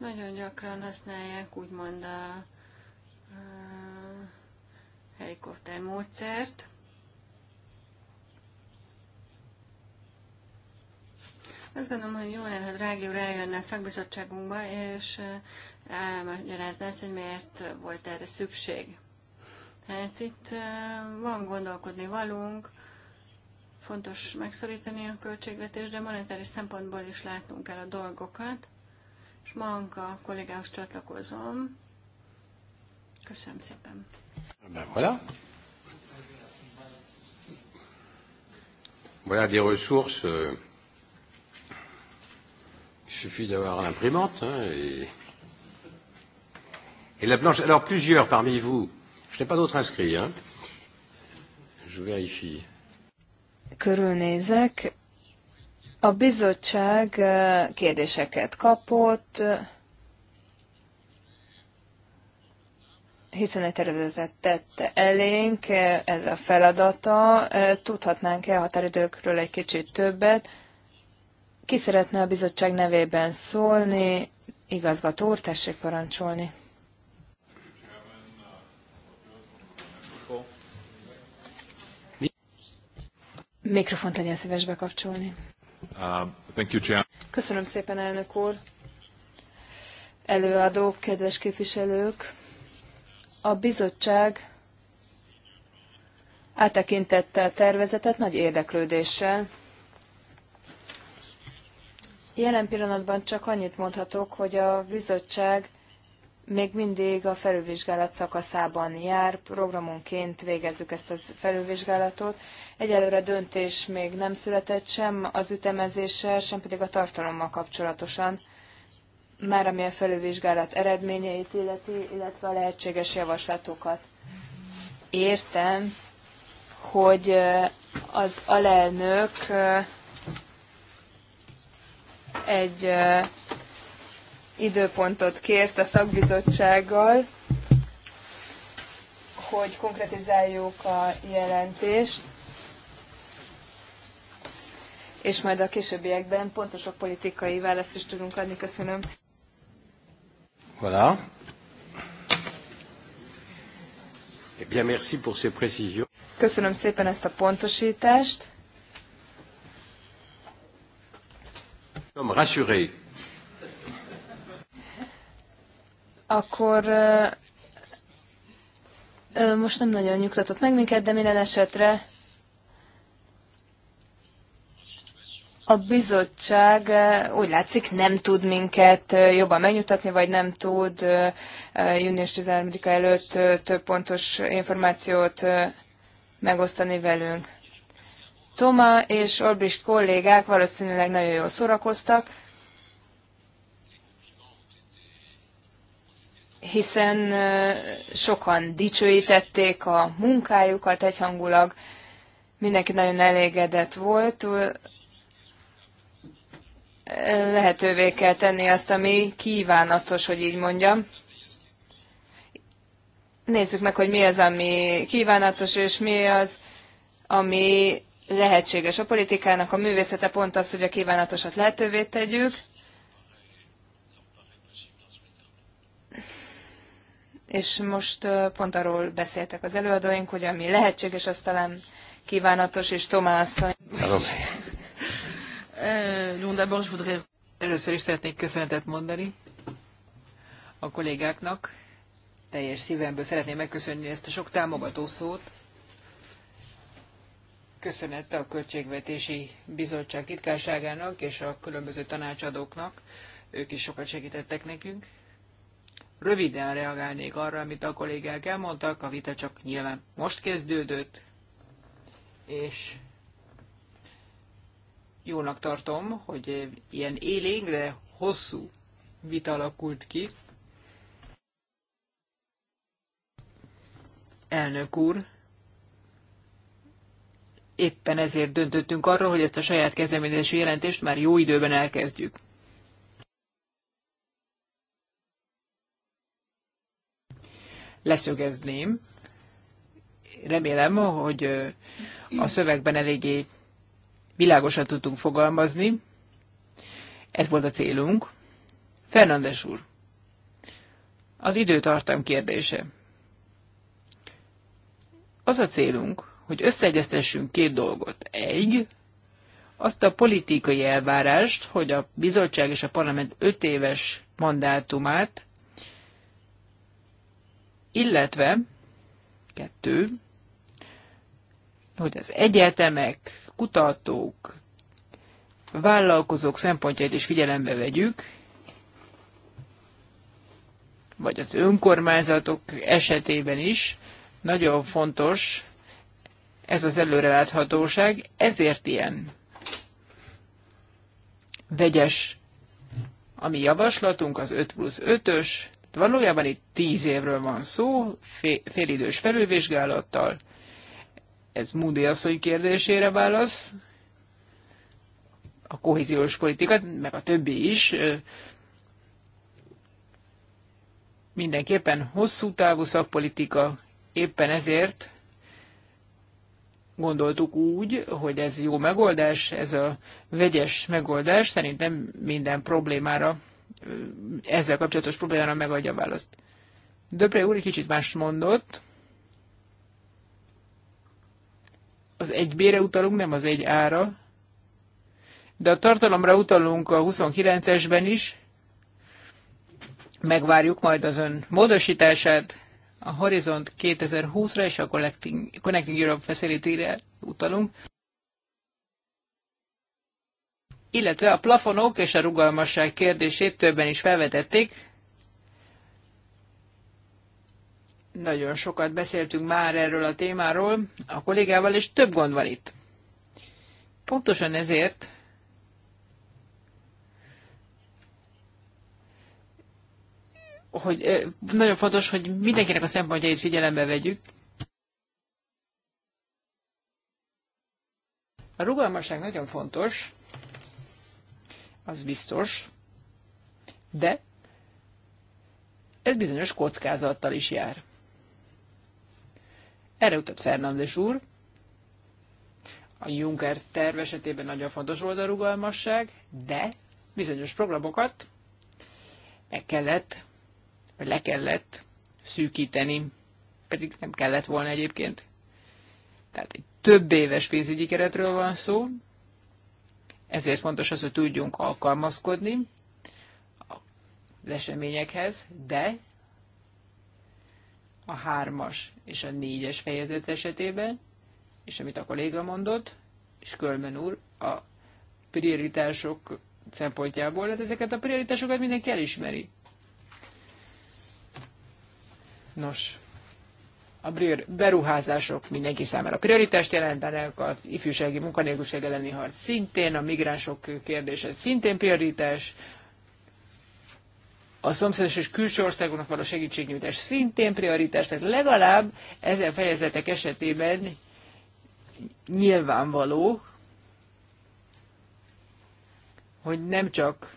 Nagyon gyakran használják úgymond a, a helikopter módszert. Azt gondolom, hogy jó lenne, ha Drági úr eljönne a szakbizottságunkba, és elmagyarázná ezt, hogy miért volt erre szükség. Hát itt van gondolkodni valunk, fontos megszorítani a költségvetést, de monetáris szempontból is látnunk el a dolgokat és Manka kollégához csatlakozom. Köszönöm szépen. Ben voilà. Voilà des ressources. Il suffit d'avoir l'imprimante et, et la planche. Alors plusieurs parmi vous. Je n'ai pas d'autres inscrits. Hein. Je vérifie. Körülnézek, a bizottság kérdéseket kapott, hiszen egy tervezetet tette elénk, ez a feladata. Tudhatnánk-e a határidőkről egy kicsit többet? Ki szeretne a bizottság nevében szólni? Igazgató úr, tessék parancsolni. Mikrofont legyen szíves bekapcsolni. Uh, Köszönöm szépen, elnök úr. Előadók, kedves képviselők. A bizottság áttekintette a tervezetet nagy érdeklődéssel. Jelen pillanatban csak annyit mondhatok, hogy a bizottság még mindig a felülvizsgálat szakaszában jár, programonként végezzük ezt a felülvizsgálatot, Egyelőre döntés még nem született sem az ütemezéssel, sem pedig a tartalommal kapcsolatosan, már ami a felülvizsgálat eredményeit illeti, illetve a lehetséges javaslatokat. Értem, hogy az alelnök egy időpontot kért a szakbizottsággal, hogy konkretizáljuk a jelentést és majd a későbbiekben pontosabb politikai választ is tudunk adni. Köszönöm. Voilà. Eh bien, merci pour ces précisions. Köszönöm szépen ezt a pontosítást. rassuré. Akkor most nem nagyon nyugtatott meg minket, de minden esetre a bizottság úgy látszik nem tud minket jobban megnyugtatni, vagy nem tud június 13 előtt több pontos információt megosztani velünk. Toma és Olbrist kollégák valószínűleg nagyon jól szórakoztak, hiszen sokan dicsőítették a munkájukat egyhangulag, mindenki nagyon elégedett volt, lehetővé kell tenni azt, ami kívánatos, hogy így mondjam. Nézzük meg, hogy mi az, ami kívánatos, és mi az, ami lehetséges. A politikának a művészete pont az, hogy a kívánatosat lehetővé tegyük, és most pont arról beszéltek az előadóink, hogy ami lehetséges, az talán kívánatos, és Tomás. Euh, Először is szeretnék köszönetet mondani a kollégáknak. Teljes szívemből szeretném megköszönni ezt a sok támogató szót. Köszönet a Költségvetési Bizottság titkárságának és a különböző tanácsadóknak. Ők is sokat segítettek nekünk. Röviden reagálnék arra, amit a kollégák elmondtak. A vita csak nyilván most kezdődött, és jónak tartom, hogy ilyen élénk, de hosszú vita alakult ki. Elnök úr, éppen ezért döntöttünk arról, hogy ezt a saját kezdeményezési jelentést már jó időben elkezdjük. Leszögezném. Remélem, hogy a szövegben eléggé világosan tudtunk fogalmazni. Ez volt a célunk. Fernandes úr, az időtartam kérdése. Az a célunk, hogy összeegyeztessünk két dolgot. Egy, azt a politikai elvárást, hogy a bizottság és a parlament öt éves mandátumát, illetve kettő, hogy az egyetemek, kutatók, vállalkozók szempontjait is figyelembe vegyük, vagy az önkormányzatok esetében is nagyon fontos ez az előreláthatóság, ezért ilyen vegyes a mi javaslatunk, az 5 plusz 5-ös, valójában itt 10 évről van szó, félidős felülvizsgálattal, ez Moody asszony kérdésére válasz. A kohéziós politika, meg a többi is mindenképpen hosszú távú szakpolitika, éppen ezért gondoltuk úgy, hogy ez jó megoldás, ez a vegyes megoldás, szerintem minden problémára, ezzel kapcsolatos problémára megadja a választ. Döpré úr egy kicsit más mondott, az egy bére utalunk, nem az egy ára, de a tartalomra utalunk a 29-esben is, megvárjuk majd az ön módosítását, a Horizont 2020-ra és a collecting Connecting Europe Facility-re utalunk, illetve a plafonok és a rugalmasság kérdését többen is felvetették, Nagyon sokat beszéltünk már erről a témáról a kollégával, és több gond van itt. Pontosan ezért hogy nagyon fontos, hogy mindenkinek a szempontjait figyelembe vegyük. A rugalmasság nagyon fontos, az biztos, de ez bizonyos kockázattal is jár. Erre utat Fernandes úr. A Juncker terv esetében nagyon fontos volt a rugalmasság, de bizonyos programokat le kellett, vagy le kellett szűkíteni, pedig nem kellett volna egyébként. Tehát egy több éves pénzügyi keretről van szó, ezért fontos az, hogy tudjunk alkalmazkodni az eseményekhez, de a hármas és a négyes fejezet esetében, és amit a kolléga mondott, és Kölmen úr, a prioritások szempontjából, hát ezeket a prioritásokat mindenki elismeri. Nos, a beruházások mindenki számára prioritást jelentenek, a ifjúsági munkanélküliség elleni harc szintén, a migránsok kérdése szintén prioritás, a szomszédos és külső országoknak való segítségnyújtás szintén prioritás, tehát legalább ezen fejezetek esetében nyilvánvaló, hogy nem csak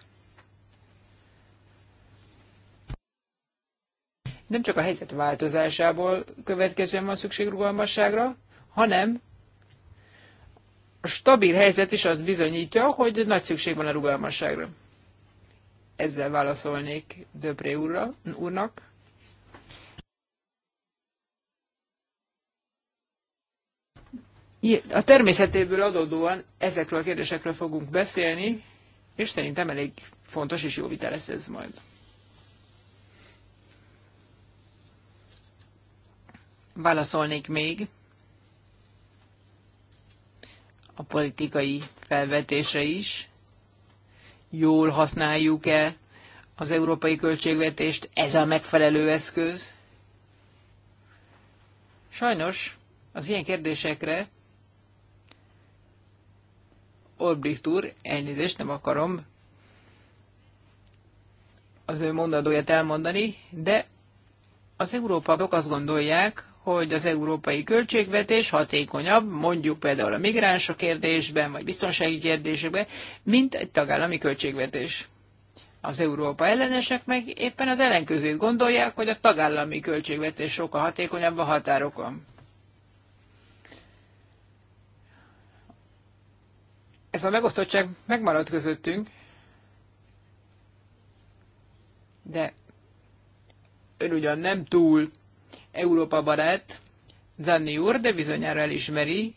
nem csak a helyzet változásából következően van szükség rugalmasságra, hanem a stabil helyzet is azt bizonyítja, hogy nagy szükség van a rugalmasságra ezzel válaszolnék Döbré úrra, úrnak. A természetéből adódóan ezekről a kérdésekről fogunk beszélni, és szerintem elég fontos és jó vita lesz ez majd. Válaszolnék még a politikai felvetése is jól használjuk-e az európai költségvetést, ez a megfelelő eszköz? Sajnos az ilyen kérdésekre Olbricht úr, elnézést, nem akarom az ő mondadóját elmondani, de az európaiak azt gondolják, hogy az európai költségvetés hatékonyabb, mondjuk például a migránsok kérdésben, vagy biztonsági kérdésekben, mint egy tagállami költségvetés. Az Európa ellenesek meg éppen az ellenkezőt gondolják, hogy a tagállami költségvetés sokkal hatékonyabb a határokon. Ez a megosztottság megmaradt közöttünk, de ön ugyan nem túl Európa barát Zanni úr, de bizonyára elismeri,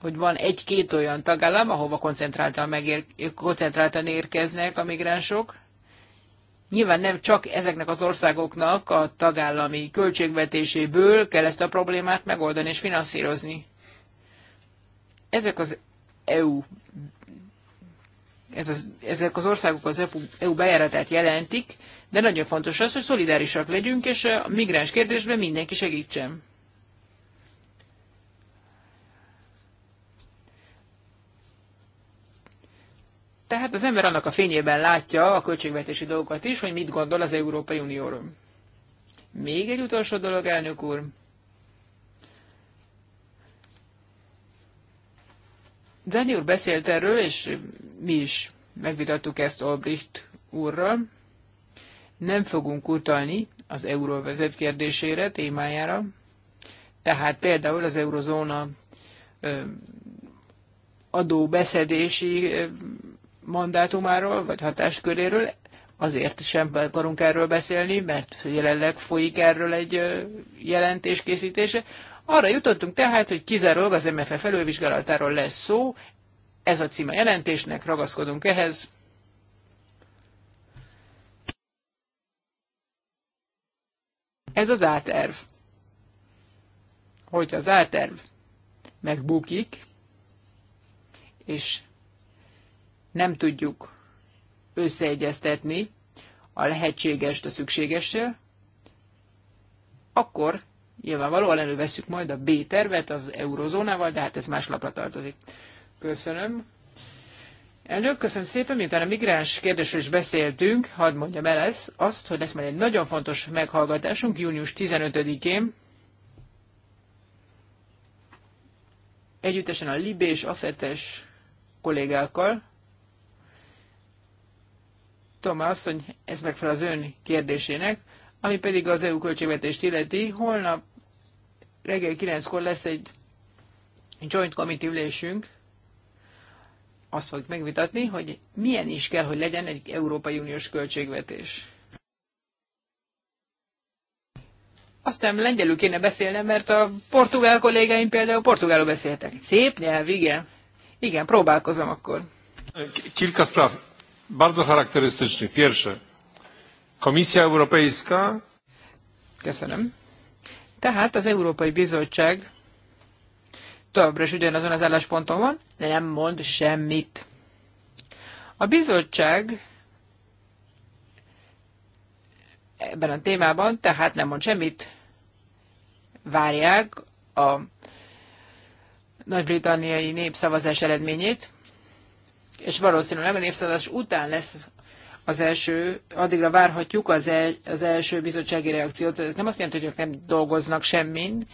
hogy van egy-két olyan tagállam, ahova koncentráltan, megér, koncentráltan érkeznek a migránsok. Nyilván nem csak ezeknek az országoknak a tagállami költségvetéséből kell ezt a problémát megoldani és finanszírozni. Ezek az EU ez az, ezek az országok az EU, e bejáratát jelentik, de nagyon fontos az, hogy szolidárisak legyünk, és a migráns kérdésben mindenki segítsen. Tehát az ember annak a fényében látja a költségvetési dolgokat is, hogy mit gondol az Európai Unióról. Még egy utolsó dolog, elnök úr. Zani úr beszélt erről, és mi is megvitattuk ezt Albrecht úrral. Nem fogunk utalni az euróvezet kérdésére, témájára. Tehát például az eurozóna adóbeszedési mandátumáról, vagy hatásköréről, azért sem akarunk erről beszélni, mert jelenleg folyik erről egy jelentés készítése. Arra jutottunk tehát, hogy kizárólag az MFF felülvizsgálatáról lesz szó, ez a címe jelentésnek, ragaszkodunk ehhez. Ez az áterv. Hogyha az áterv megbukik, és nem tudjuk összeegyeztetni a lehetségest a szükségessel, akkor Nyilvánvalóan előveszük majd a B tervet az eurozónával, de hát ez más lapra tartozik. Köszönöm. Elnök, köszönöm szépen, miután a migráns kérdésről is beszéltünk, hadd mondjam el ezt, azt, hogy lesz majd egy nagyon fontos meghallgatásunk június 15-én, együttesen a Libé és Afetes kollégákkal. Tomás, hogy ez megfelel az ön kérdésének. Ami pedig az EU költségvetést illeti, holnap reggel 9-kor lesz egy joint committee ülésünk, azt fogjuk megvitatni, hogy milyen is kell, hogy legyen egy Európai Uniós költségvetés. Aztán lengyelül kéne beszélnem, mert a portugál kollégáim például portugálul beszéltek. Szép nyelv, igen. Igen, próbálkozom akkor. Kilka spraw bardzo charakterystycznych. Pierwsze, Komisja Europejska. Köszönöm. Tehát az Európai Bizottság továbbra is ugyanazon az állásponton van, de nem mond semmit. A bizottság ebben a témában, tehát nem mond semmit, várják a nagy-britanniai népszavazás eredményét, és valószínűleg a népszavazás után lesz az első, addigra várhatjuk az, el, az első bizottsági reakciót. Ez nem azt jelenti, hogy ők nem dolgoznak semmin,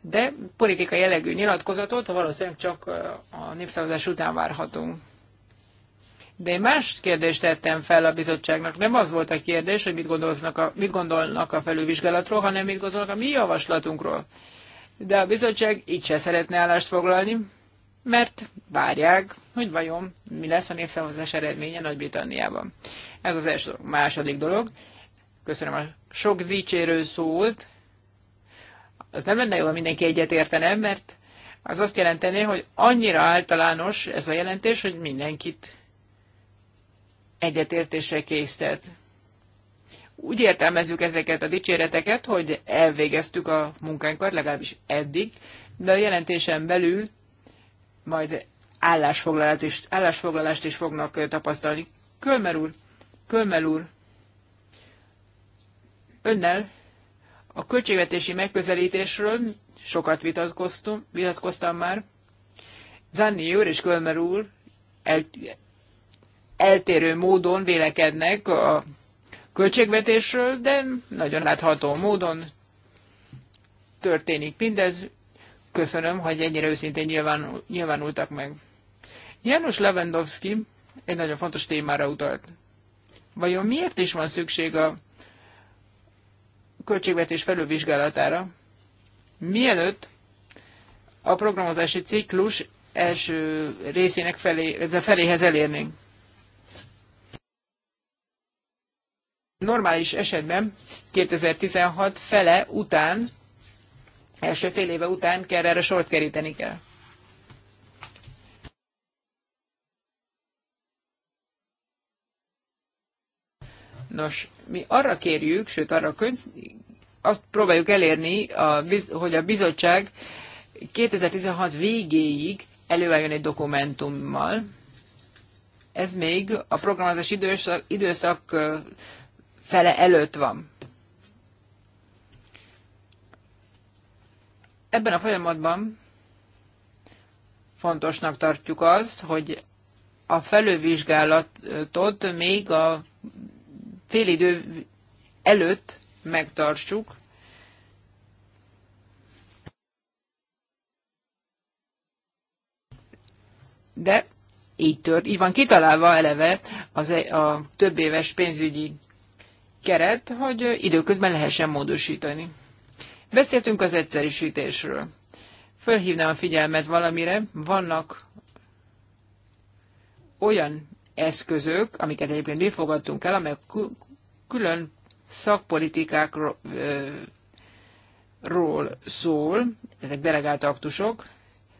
de politikai jellegű nyilatkozatot valószínűleg csak eh, a népszavazás után várhatunk. De én más kérdést tettem fel a bizottságnak. Nem az volt a kérdés, hogy mit, gondolnak a, mit gondolnak a felülvizsgálatról, hanem mit gondolnak a mi javaslatunkról. De a bizottság így se szeretne állást foglalni mert várják, hogy vajon mi lesz a népszavazás eredménye Nagy-Britanniában. Ez az első dolog. Második dolog, köszönöm a sok dicsérő szót, az nem lenne jó, ha mindenki egyet értene, mert az azt jelenteni, hogy annyira általános ez a jelentés, hogy mindenkit egyetértésre késztet. Úgy értelmezzük ezeket a dicséreteket, hogy elvégeztük a munkánkat, legalábbis eddig, de a jelentésen belül majd állásfoglalást is, állásfoglalást is fognak tapasztalni. Kölmer úr, Kölmer úr, önnel a költségvetési megközelítésről sokat vitatkoztam, vitatkoztam már. Zanni úr és Kölmer úr el, eltérő módon vélekednek a költségvetésről, de nagyon látható módon történik mindez köszönöm, hogy ennyire őszintén nyilván, nyilvánultak meg. János Lewandowski egy nagyon fontos témára utalt. Vajon miért is van szükség a költségvetés felülvizsgálatára, mielőtt a programozási ciklus első részének felé, feléhez elérnénk. Normális esetben 2016 fele után első fél éve után kell erre sort keríteni kell. Nos, mi arra kérjük, sőt arra könyv, azt próbáljuk elérni, a, hogy a bizottság 2016 végéig előálljon egy dokumentummal. Ez még a programozási időszak, időszak fele előtt van. Ebben a folyamatban fontosnak tartjuk azt, hogy a felővizsgálatot még a félidő előtt megtartsuk, de így tört. Így van kitalálva eleve az e- a több éves pénzügyi keret, hogy időközben lehessen módosítani. Beszéltünk az egyszerűsítésről. Fölhívnám a figyelmet valamire. Vannak olyan eszközök, amiket egyébként mi fogadtunk el, amelyek külön szakpolitikákról ról szól, ezek delegált aktusok,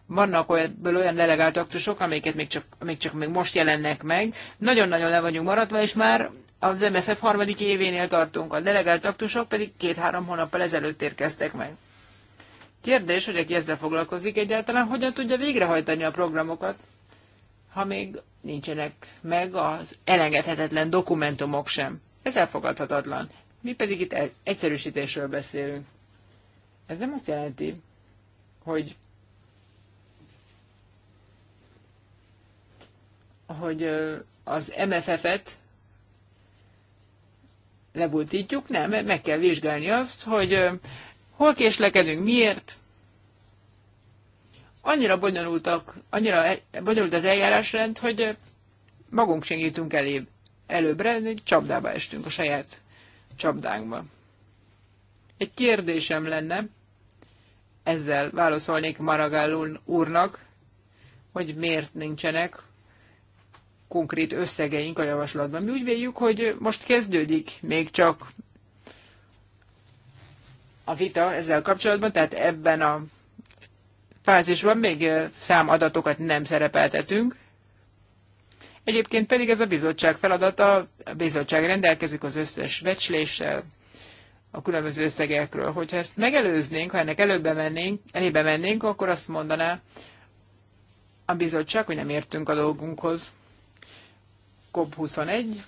vannak ebből olyan delegált aktusok, amiket még csak, még csak még most jelennek meg. Nagyon-nagyon le vagyunk maradva, és már az MFF harmadik événél tartunk, a delegált aktusok pedig két-három hónappal ezelőtt érkeztek meg. Kérdés, hogy aki ezzel foglalkozik egyáltalán, hogyan tudja végrehajtani a programokat, ha még nincsenek meg az elengedhetetlen dokumentumok sem. Ez elfogadhatatlan. Mi pedig itt egyszerűsítésről beszélünk. Ez nem azt jelenti, hogy hogy az MFF-et lebutítjuk, nem, meg kell vizsgálni azt, hogy hol késlekedünk, miért. Annyira bonyolultak, annyira bonyolult az eljárásrend, hogy magunk sem jutunk elébb, előbbre, csapdába estünk a saját csapdánkba. Egy kérdésem lenne, ezzel válaszolnék Maragall úrnak, hogy miért nincsenek konkrét összegeink a javaslatban. Mi úgy véljük, hogy most kezdődik még csak a vita ezzel kapcsolatban, tehát ebben a fázisban még számadatokat nem szerepeltetünk. Egyébként pedig ez a bizottság feladata, a bizottság rendelkezik az összes becsléssel, a különböző összegekről. Hogyha ezt megelőznénk, ha ennek előbb mennénk, elébe mennénk, akkor azt mondaná a bizottság, hogy nem értünk a dolgunkhoz. COP21.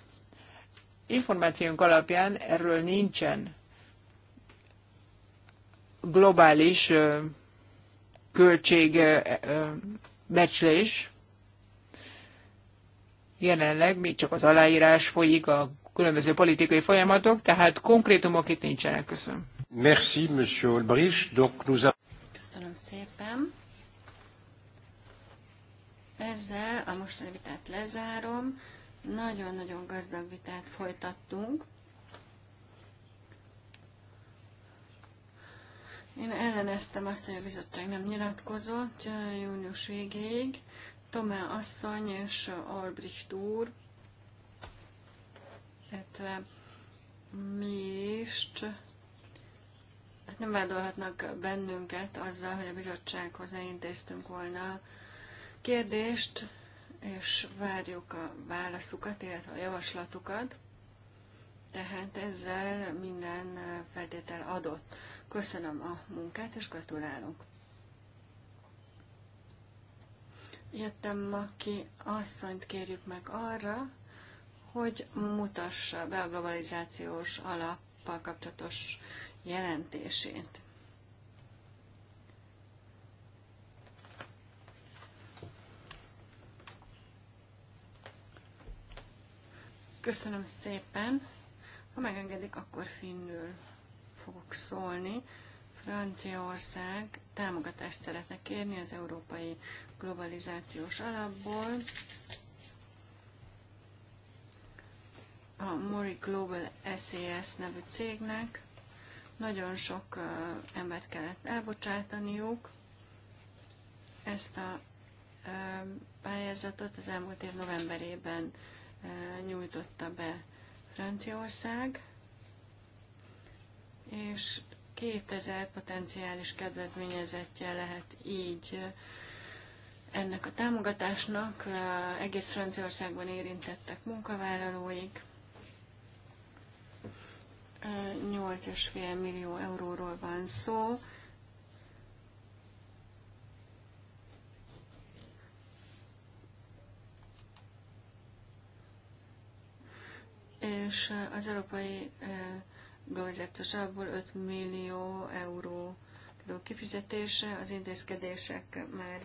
Információnk alapján erről nincsen globális költségbecslés. Jelenleg még csak az aláírás folyik a különböző politikai folyamatok, tehát konkrétumok itt nincsenek. Köszönöm. Merci, Monsieur Olbrich. Donc nous a... Köszönöm szépen. Ezzel a mostani vitát lezárom. Nagyon-nagyon gazdag vitát folytattunk. Én elleneztem azt, hogy a bizottság nem nyilatkozott június végéig. Tomá asszony és Albrecht úr, illetve mi is hát nem vádolhatnak bennünket azzal, hogy a bizottsághoz ne intéztünk volna kérdést és várjuk a válaszukat, illetve a javaslatukat. Tehát ezzel minden feltétel adott. Köszönöm a munkát, és gratulálunk. Jöttem ma ki, asszonyt kérjük meg arra, hogy mutassa be a globalizációs alappal kapcsolatos jelentését. Köszönöm szépen. Ha megengedik, akkor finnül fogok szólni. Franciaország támogatást szeretne kérni az európai globalizációs alapból. A Mori Global SAS nevű cégnek nagyon sok embert kellett elbocsátaniuk. Ezt a pályázatot az elmúlt év novemberében nyújtotta be Franciaország, és 2000 potenciális kedvezményezettje lehet így ennek a támogatásnak. Egész Franciaországban érintettek munkavállalóik. 8,5 millió euróról van szó, és az európai globalizációs alapból 5 millió euró kerül kifizetése, az intézkedések már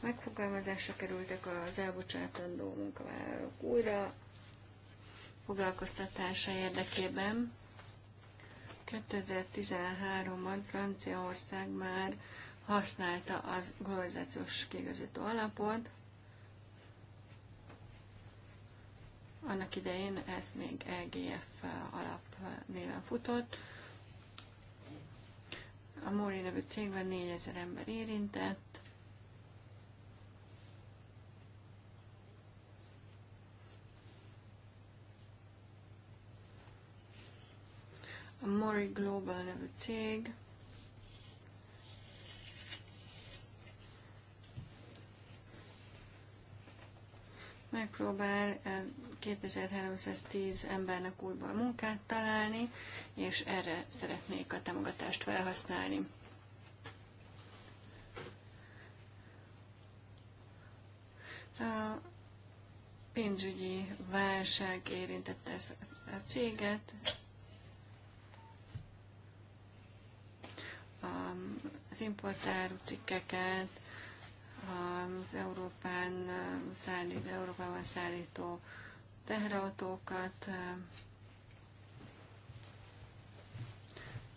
megfogalmazásra kerültek az elbocsátandó munkavállalók újra foglalkoztatása érdekében. 2013-ban Franciaország már használta az globalizációs kiigazító alapot, Annak idején ez még EGF alap néven futott. A Móri nevű cégben 4000 ember érintett, a Mori Global nevű cég megpróbál 2310 eh, embernek újból munkát találni, és erre szeretnék a támogatást felhasználni. A pénzügyi válság érintette ezt a céget, az importáru cikkeket, az Európán szállít, Európában szállító teherautókat,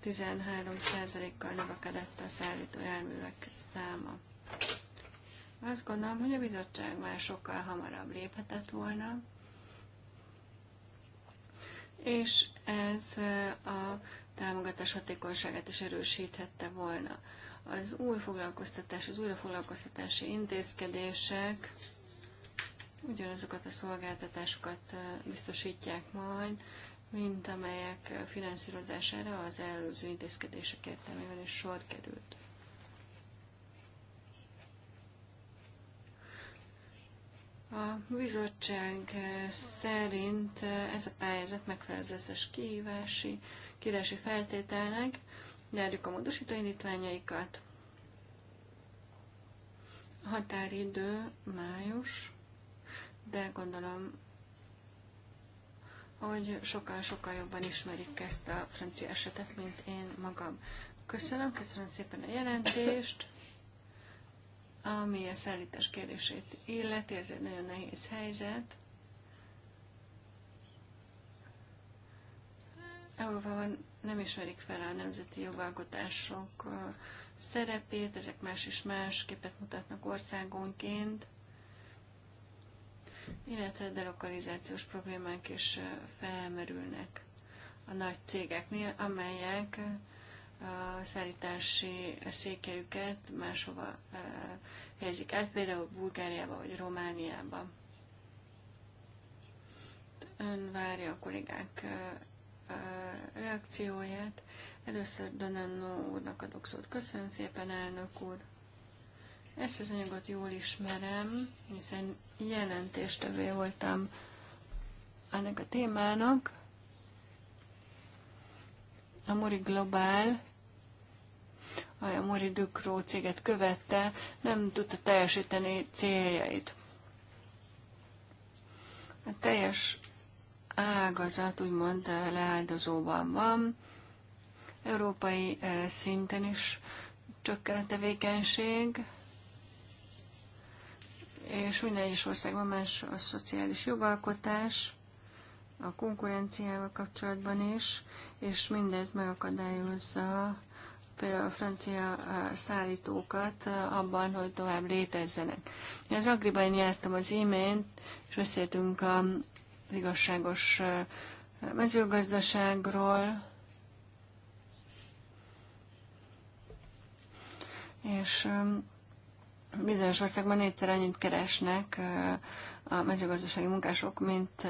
13%-kal növekedett a szállító járművek száma. Azt gondolom, hogy a bizottság már sokkal hamarabb léphetett volna, és ez a támogatás hatékonyságát is erősíthette volna. Az új foglalkoztatás, az újrafoglalkoztatási intézkedések ugyanazokat a szolgáltatásokat biztosítják majd, mint amelyek finanszírozására az előző intézkedések értelmében is sor került. A bizottság szerint ez a pályázat megfelel az összes kihívási, kírási feltételnek, várjuk a módosító indítványaikat. határidő május, de gondolom, hogy sokkal-sokkal jobban ismerik ezt a francia esetet, mint én magam. Köszönöm, köszönöm szépen a jelentést, ami a szállítás kérdését illeti, ez egy nagyon nehéz helyzet. Európában nem ismerik fel a nemzeti jogalkotások szerepét, ezek más és más képet mutatnak országonként, illetve delokalizációs problémák is felmerülnek a nagy cégeknél, amelyek a szállítási székelyüket máshova helyezik át, például Bulgáriába vagy Romániába. Ön várja a kollégák reakcióját. Először Donanno úrnak adok szót. Köszönöm szépen, elnök úr! Ezt az anyagot jól ismerem, hiszen jelentéstevő voltam ennek a témának. A Mori Global, a Mori Dükró céget követte, nem tudta teljesíteni céljait. A teljes ágazat úgymond eh, leáldozóban van. Európai eh, szinten is csökken a tevékenység, és minden egyes országban más a szociális jogalkotás, a konkurenciával kapcsolatban is, és mindez megakadályozza például a francia eh, szállítókat abban, hogy tovább létezzenek. Én az Agriban jártam az imént, és beszéltünk a igazságos mezőgazdaságról, és bizonyos országban négyszer annyit keresnek a mezőgazdasági munkások, mint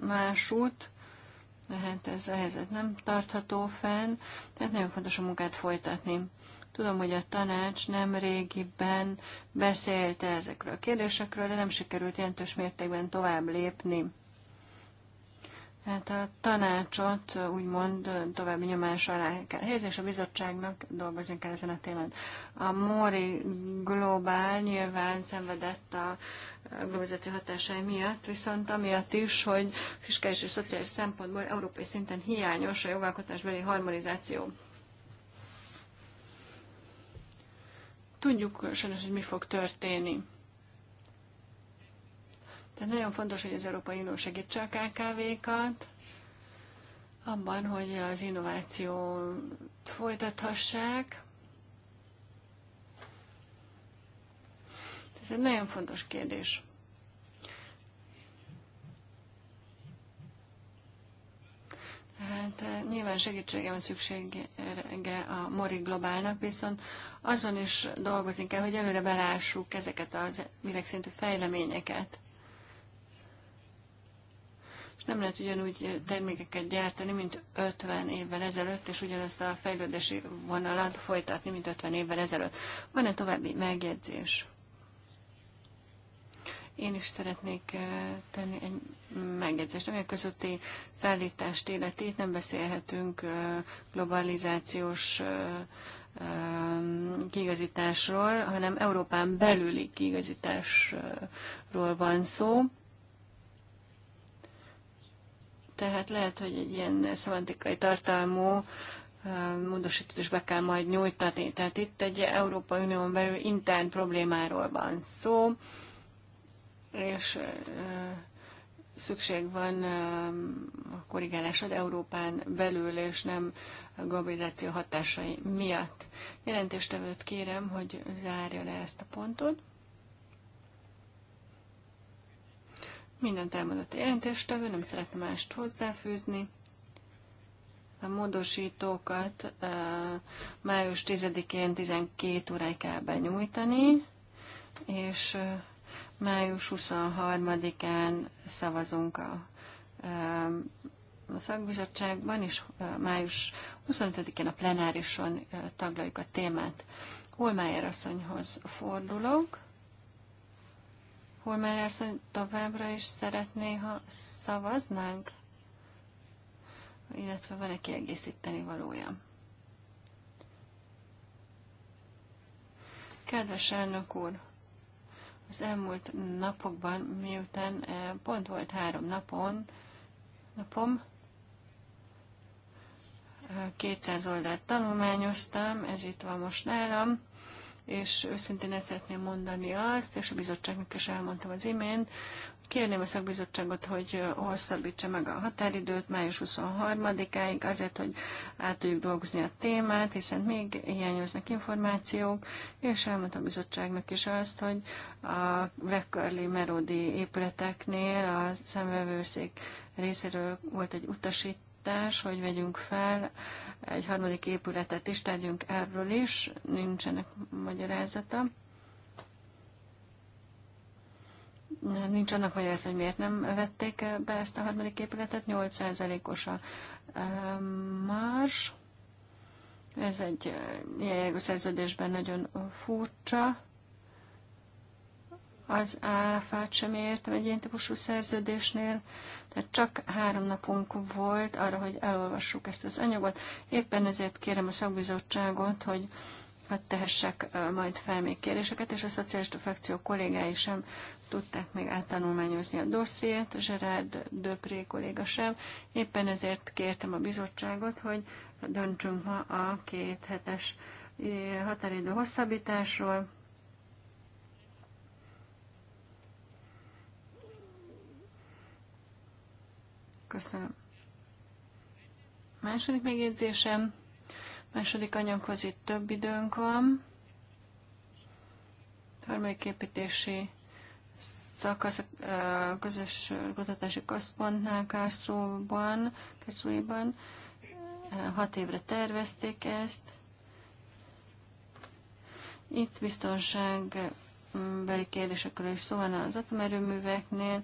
másút. Tehát ez a helyzet nem tartható fenn, tehát nagyon fontos a munkát folytatni. Tudom, hogy a tanács nem régiben beszélt ezekről a kérdésekről, de nem sikerült jelentős mértékben tovább lépni. Hát a tanácsot úgymond további nyomás alá kell helyezni, és a bizottságnak dolgozni kell ezen a télen. A Mori Globál nyilván szenvedett a globalizáció hatásai miatt, viszont amiatt is, hogy fiskális és szociális szempontból európai szinten hiányos a jogalkotásbeli harmonizáció. Tudjuk sajnos, hogy mi fog történni. Tehát nagyon fontos, hogy az Európai Unió segítse a KKV-kat abban, hogy az innovációt folytathassák. Ez egy nagyon fontos kérdés. Hát eh, nyilván segítsége van szüksége a Mori Globálnak, viszont azon is dolgozni kell, hogy előre belássuk ezeket az szintű fejleményeket. És nem lehet ugyanúgy termékeket gyártani, mint 50 évvel ezelőtt, és ugyanazt a fejlődési vonalat folytatni, mint 50 évvel ezelőtt. Van-e további megjegyzés? Én is szeretnék eh, tenni egy megjegyzést, ami a közötti szállítást életét nem beszélhetünk eh, globalizációs eh, kiigazításról, hanem Európán belüli kiigazításról van szó. Tehát lehet, hogy egy ilyen szemantikai tartalmú módosítást is be kell majd nyújtani. Tehát itt egy Európa Unión belül intern problémáról van szó és szükség van a korrigálásod Európán belül, és nem a globalizáció hatásai miatt. Jelentéstevőt kérem, hogy zárja le ezt a pontot. Mindent elmondott a jelentéstevő, nem szeretne mást hozzáfűzni. A módosítókat május 10-én 12 óráig kell benyújtani, és Május 23-án szavazunk a, a szakbizottságban, és május 25-én a plenárison taglaljuk a témát. Holmájer asszonyhoz fordulok. Holmájer asszony továbbra is szeretné, ha szavaznánk, illetve van-e kiegészíteni valója. Kedves elnök úr, az elmúlt napokban, miután eh, pont volt három napon, napom, 200 eh, oldalt tanulmányoztam, ez itt van most nálam, és őszintén ezt szeretném mondani azt, és a bizottságnak is elmondtam az imént, Kérném a szakbizottságot, hogy hosszabbítsa meg a határidőt május 23-áig, azért, hogy át tudjuk dolgozni a témát, hiszen még hiányoznak információk, és elmondta a bizottságnak is azt, hogy a Lekörli Merodi épületeknél a szemvevőszék részéről volt egy utasítás, hogy vegyünk fel egy harmadik épületet is, tegyünk erről is, nincsenek magyarázata. Nincs annak magyarázat, hogy miért nem vették be ezt a harmadik épületet. 8%-os a mars. Ez egy ilyen eh, szerződésben nagyon furcsa. Az áfát sem értem egy ilyen típusú szerződésnél, tehát csak három napunk volt arra, hogy elolvassuk ezt az anyagot. Éppen ezért kérem a szakbizottságot, hogy hadd tehessek eh, majd fel még kérdéseket, és a szocialista frakció kollégái sem tudták még áttanulmányozni a dossziét, Gerard Döpré kolléga sem. Éppen ezért kértem a bizottságot, hogy döntsünk ma a két hetes eh, határidő hosszabbításról. Köszönöm. Második megjegyzésem. Második anyaghoz itt több időnk van. Harmadik építési szakasz a közös kutatási központnál Kászlóban, Kászlóiban. Hat évre tervezték ezt. Itt biztonság beli kérdésekről is szó van az atomerőműveknél.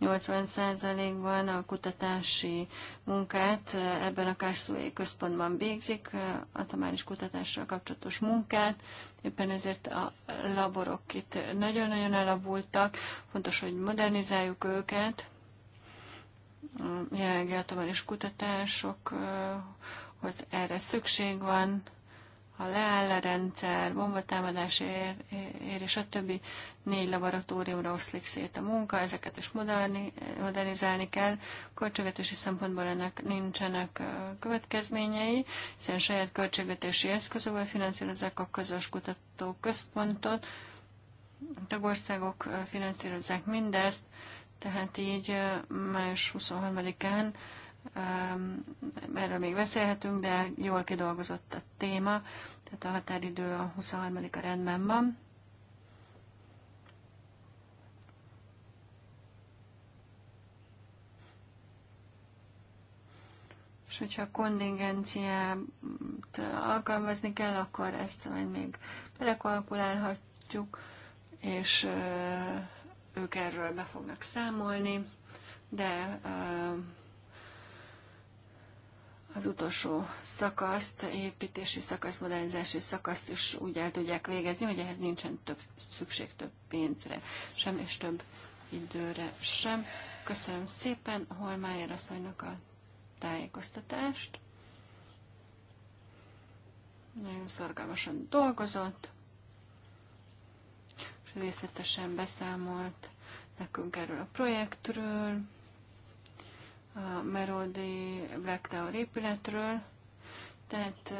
80%-ban a kutatási munkát ebben a Kászlói központban végzik, atomális kutatással kapcsolatos munkát. Éppen ezért a laborok itt nagyon-nagyon elavultak, fontos, hogy modernizáljuk őket. A jelenlegi atomális kutatásokhoz erre szükség van ha leáll a rendszer, bombatámadás ér, ér és a többi négy laboratóriumra oszlik szét a munka, ezeket is moderni, modernizálni kell. Költségvetési szempontból ennek nincsenek következményei, hiszen saját költségvetési eszközökből finanszírozzák a közös kutatóközpontot, a tagországok finanszírozzák mindezt, tehát így május 23-án erről még beszélhetünk, de jól kidolgozott a téma, tehát a határidő a 23-a rendben van. És hogyha a kontingenciát alkalmazni kell, akkor ezt majd még belekalkulálhatjuk, és ők erről be fognak számolni, de az utolsó szakaszt, építési szakaszt, modernizási szakaszt is úgy el tudják végezni, hogy ehhez nincsen több szükség több pénzre sem, és több időre sem. Köszönöm szépen Holmájer asszonynak a tájékoztatást. Nagyon szorgalmasan dolgozott, és részletesen beszámolt nekünk erről a projektről a Merodi Black Tower épületről, tehát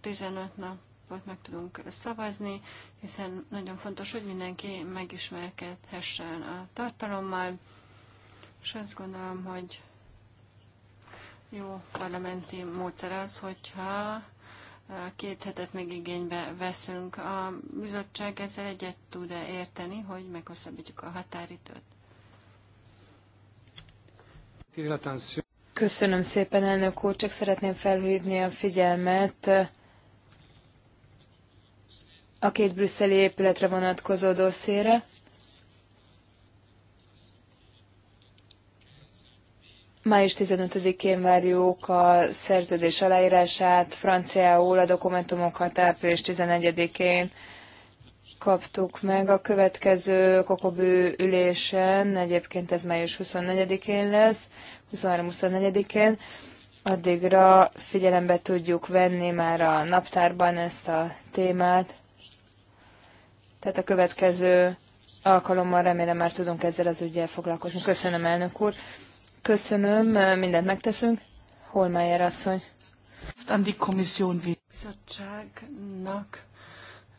15 napot meg tudunk szavazni, hiszen nagyon fontos, hogy mindenki megismerkedhessen a tartalommal, és azt gondolom, hogy jó parlamenti módszer az, hogyha két hetet még igénybe veszünk. A bizottság ezzel egyet tud-e érteni, hogy meghosszabbítjuk a határidőt? Köszönöm szépen, elnök úr, csak szeretném felhívni a figyelmet a két brüsszeli épületre vonatkozó dosszére. Május 15-én várjuk a szerződés aláírását, franciául a dokumentumokat április 11-én kaptuk meg a következő kokobő ülésen, egyébként ez május 24-én lesz, 23-24-én, addigra figyelembe tudjuk venni már a naptárban ezt a témát. Tehát a következő alkalommal remélem már tudunk ezzel az ügyel foglalkozni. Köszönöm, elnök úr. Köszönöm, mindent megteszünk. Holmeyer asszony. An bizottságnak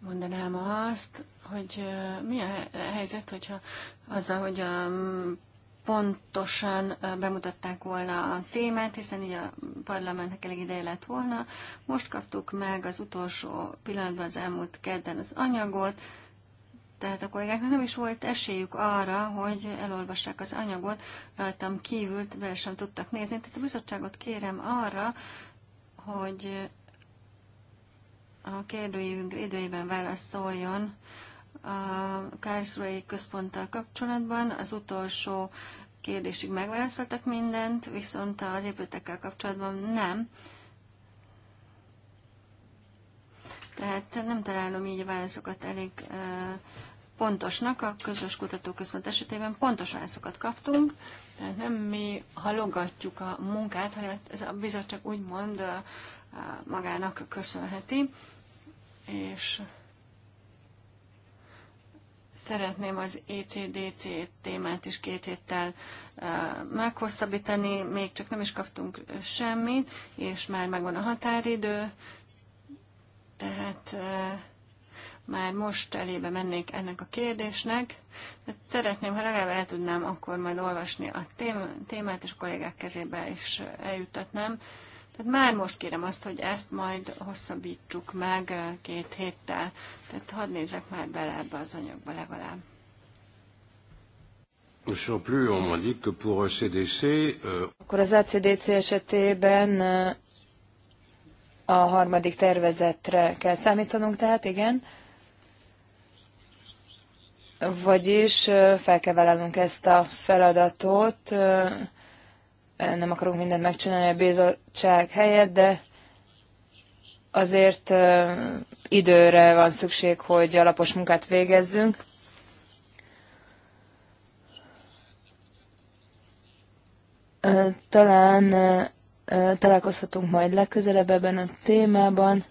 mondanám azt, hogy mi a helyzet, hogyha azzal, hogy a pontosan bemutatták volna a témát, hiszen így a parlamentnek elég ideje lett volna. Most kaptuk meg az utolsó pillanatban az elmúlt kedden az anyagot, tehát a kollégáknak nem is volt esélyük arra, hogy elolvassák az anyagot, rajtam kívül bele sem tudtak nézni. Tehát a bizottságot kérem arra, hogy a kérdőjévünk időjében válaszoljon a Karlsruhe központtal kapcsolatban. Az utolsó kérdésig megválaszoltak mindent, viszont az épületekkel kapcsolatban nem. Tehát nem találom így a válaszokat elég pontosnak. A közös kutatóközpont esetében pontos válaszokat kaptunk, tehát nem mi halogatjuk a munkát, hanem ez a bizottság úgymond magának köszönheti és szeretném az ECDC témát is két héttel meghosszabbítani, még csak nem is kaptunk semmit, és már megvan a határidő, tehát már most elébe mennék ennek a kérdésnek. de szeretném, ha legalább el tudnám akkor majd olvasni a témát, és a kollégák kezébe is eljutatnám. Tehát már most kérem azt, hogy ezt majd hosszabbítsuk meg eh, két héttel. Tehát hadd nézek már bele ebbe az anyagba legalább. Euh, Akkor az ACDC esetében eh, a harmadik tervezetre kell számítanunk, tehát igen. Vagyis eh, fel kell vállalnunk ezt a feladatot, nem akarunk mindent megcsinálni a bizottság helyett, de azért időre van szükség, hogy alapos munkát végezzünk. Talán találkozhatunk majd legközelebb ebben a témában,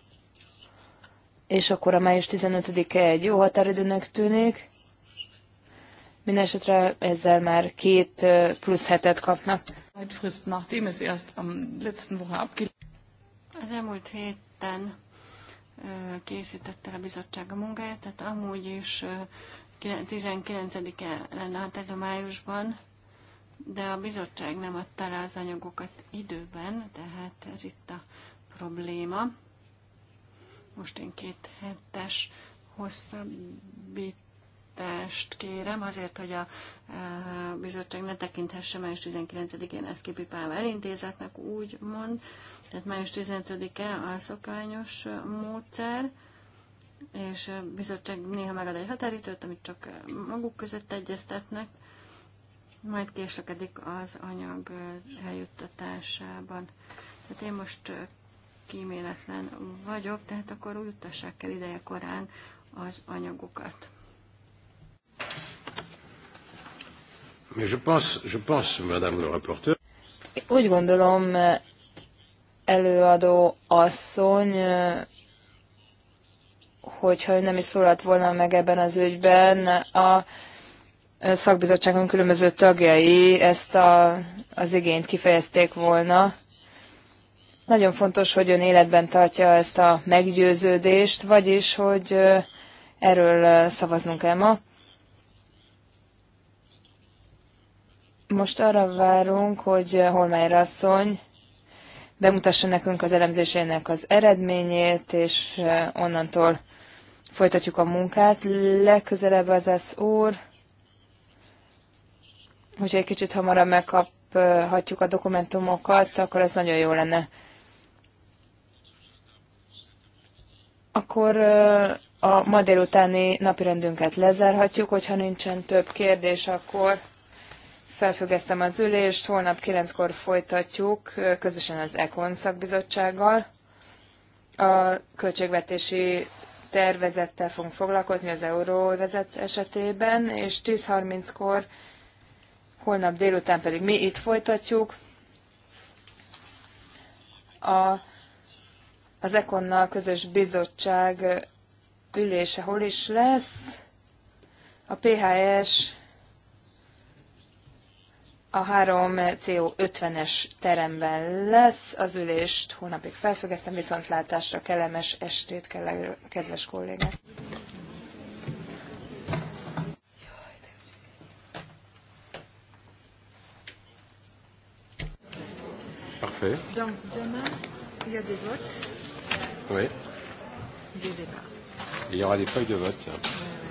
és akkor a május 15-e egy jó határidőnek tűnik. Mindenesetre ezzel már két plusz hetet kapnak. Az elmúlt héten készítette a bizottság a munkáját, tehát amúgy is 19-e lenne a májusban, de a bizottság nem adta le az anyagokat időben, tehát ez itt a probléma. Most én két hetes hosszabbít szavazást kérem, azért, hogy a bizottság ne tekinthesse május 19-én ezt kipipálva elintézetnek, úgy mond. Tehát május 15-e a szokványos módszer, és a bizottság néha megad egy határidőt, amit csak maguk között egyeztetnek, majd késlekedik az anyag eljuttatásában. Tehát én most kíméletlen vagyok, tehát akkor utassák el ideje korán az anyagokat. Úgy gondolom, előadó asszony, hogyha ő nem is szólalt volna meg ebben az ügyben, a szakbizottságunk különböző tagjai ezt a, az igényt kifejezték volna. Nagyon fontos, hogy ön életben tartja ezt a meggyőződést, vagyis, hogy erről szavaznunk kell ma. Most arra várunk, hogy Holmár asszony bemutassa nekünk az elemzésének az eredményét, és eh, onnantól folytatjuk a munkát. Legközelebb az az úr, hogyha egy kicsit hamarabb megkaphatjuk a dokumentumokat, akkor ez nagyon jó lenne. Akkor eh, a ma délutáni napirendünket lezárhatjuk, hogyha nincsen több kérdés, akkor Felfüggesztem az ülést, holnap kilenckor folytatjuk, közösen az ECON szakbizottsággal. A költségvetési tervezettel fogunk foglalkozni az euróvezet esetében, és 10.30-kor holnap délután pedig mi itt folytatjuk. A, az Ekonnal közös bizottság ülése hol is lesz? A PHS a 3CO50-es teremben lesz. Az ülést holnapig felfüggesztem, viszontlátásra kellemes estét, kedves kollégák! Parfait. Donc demain, il y a des votes. Oui. Des débats. Il y aura des feuilles de vote. Ouais.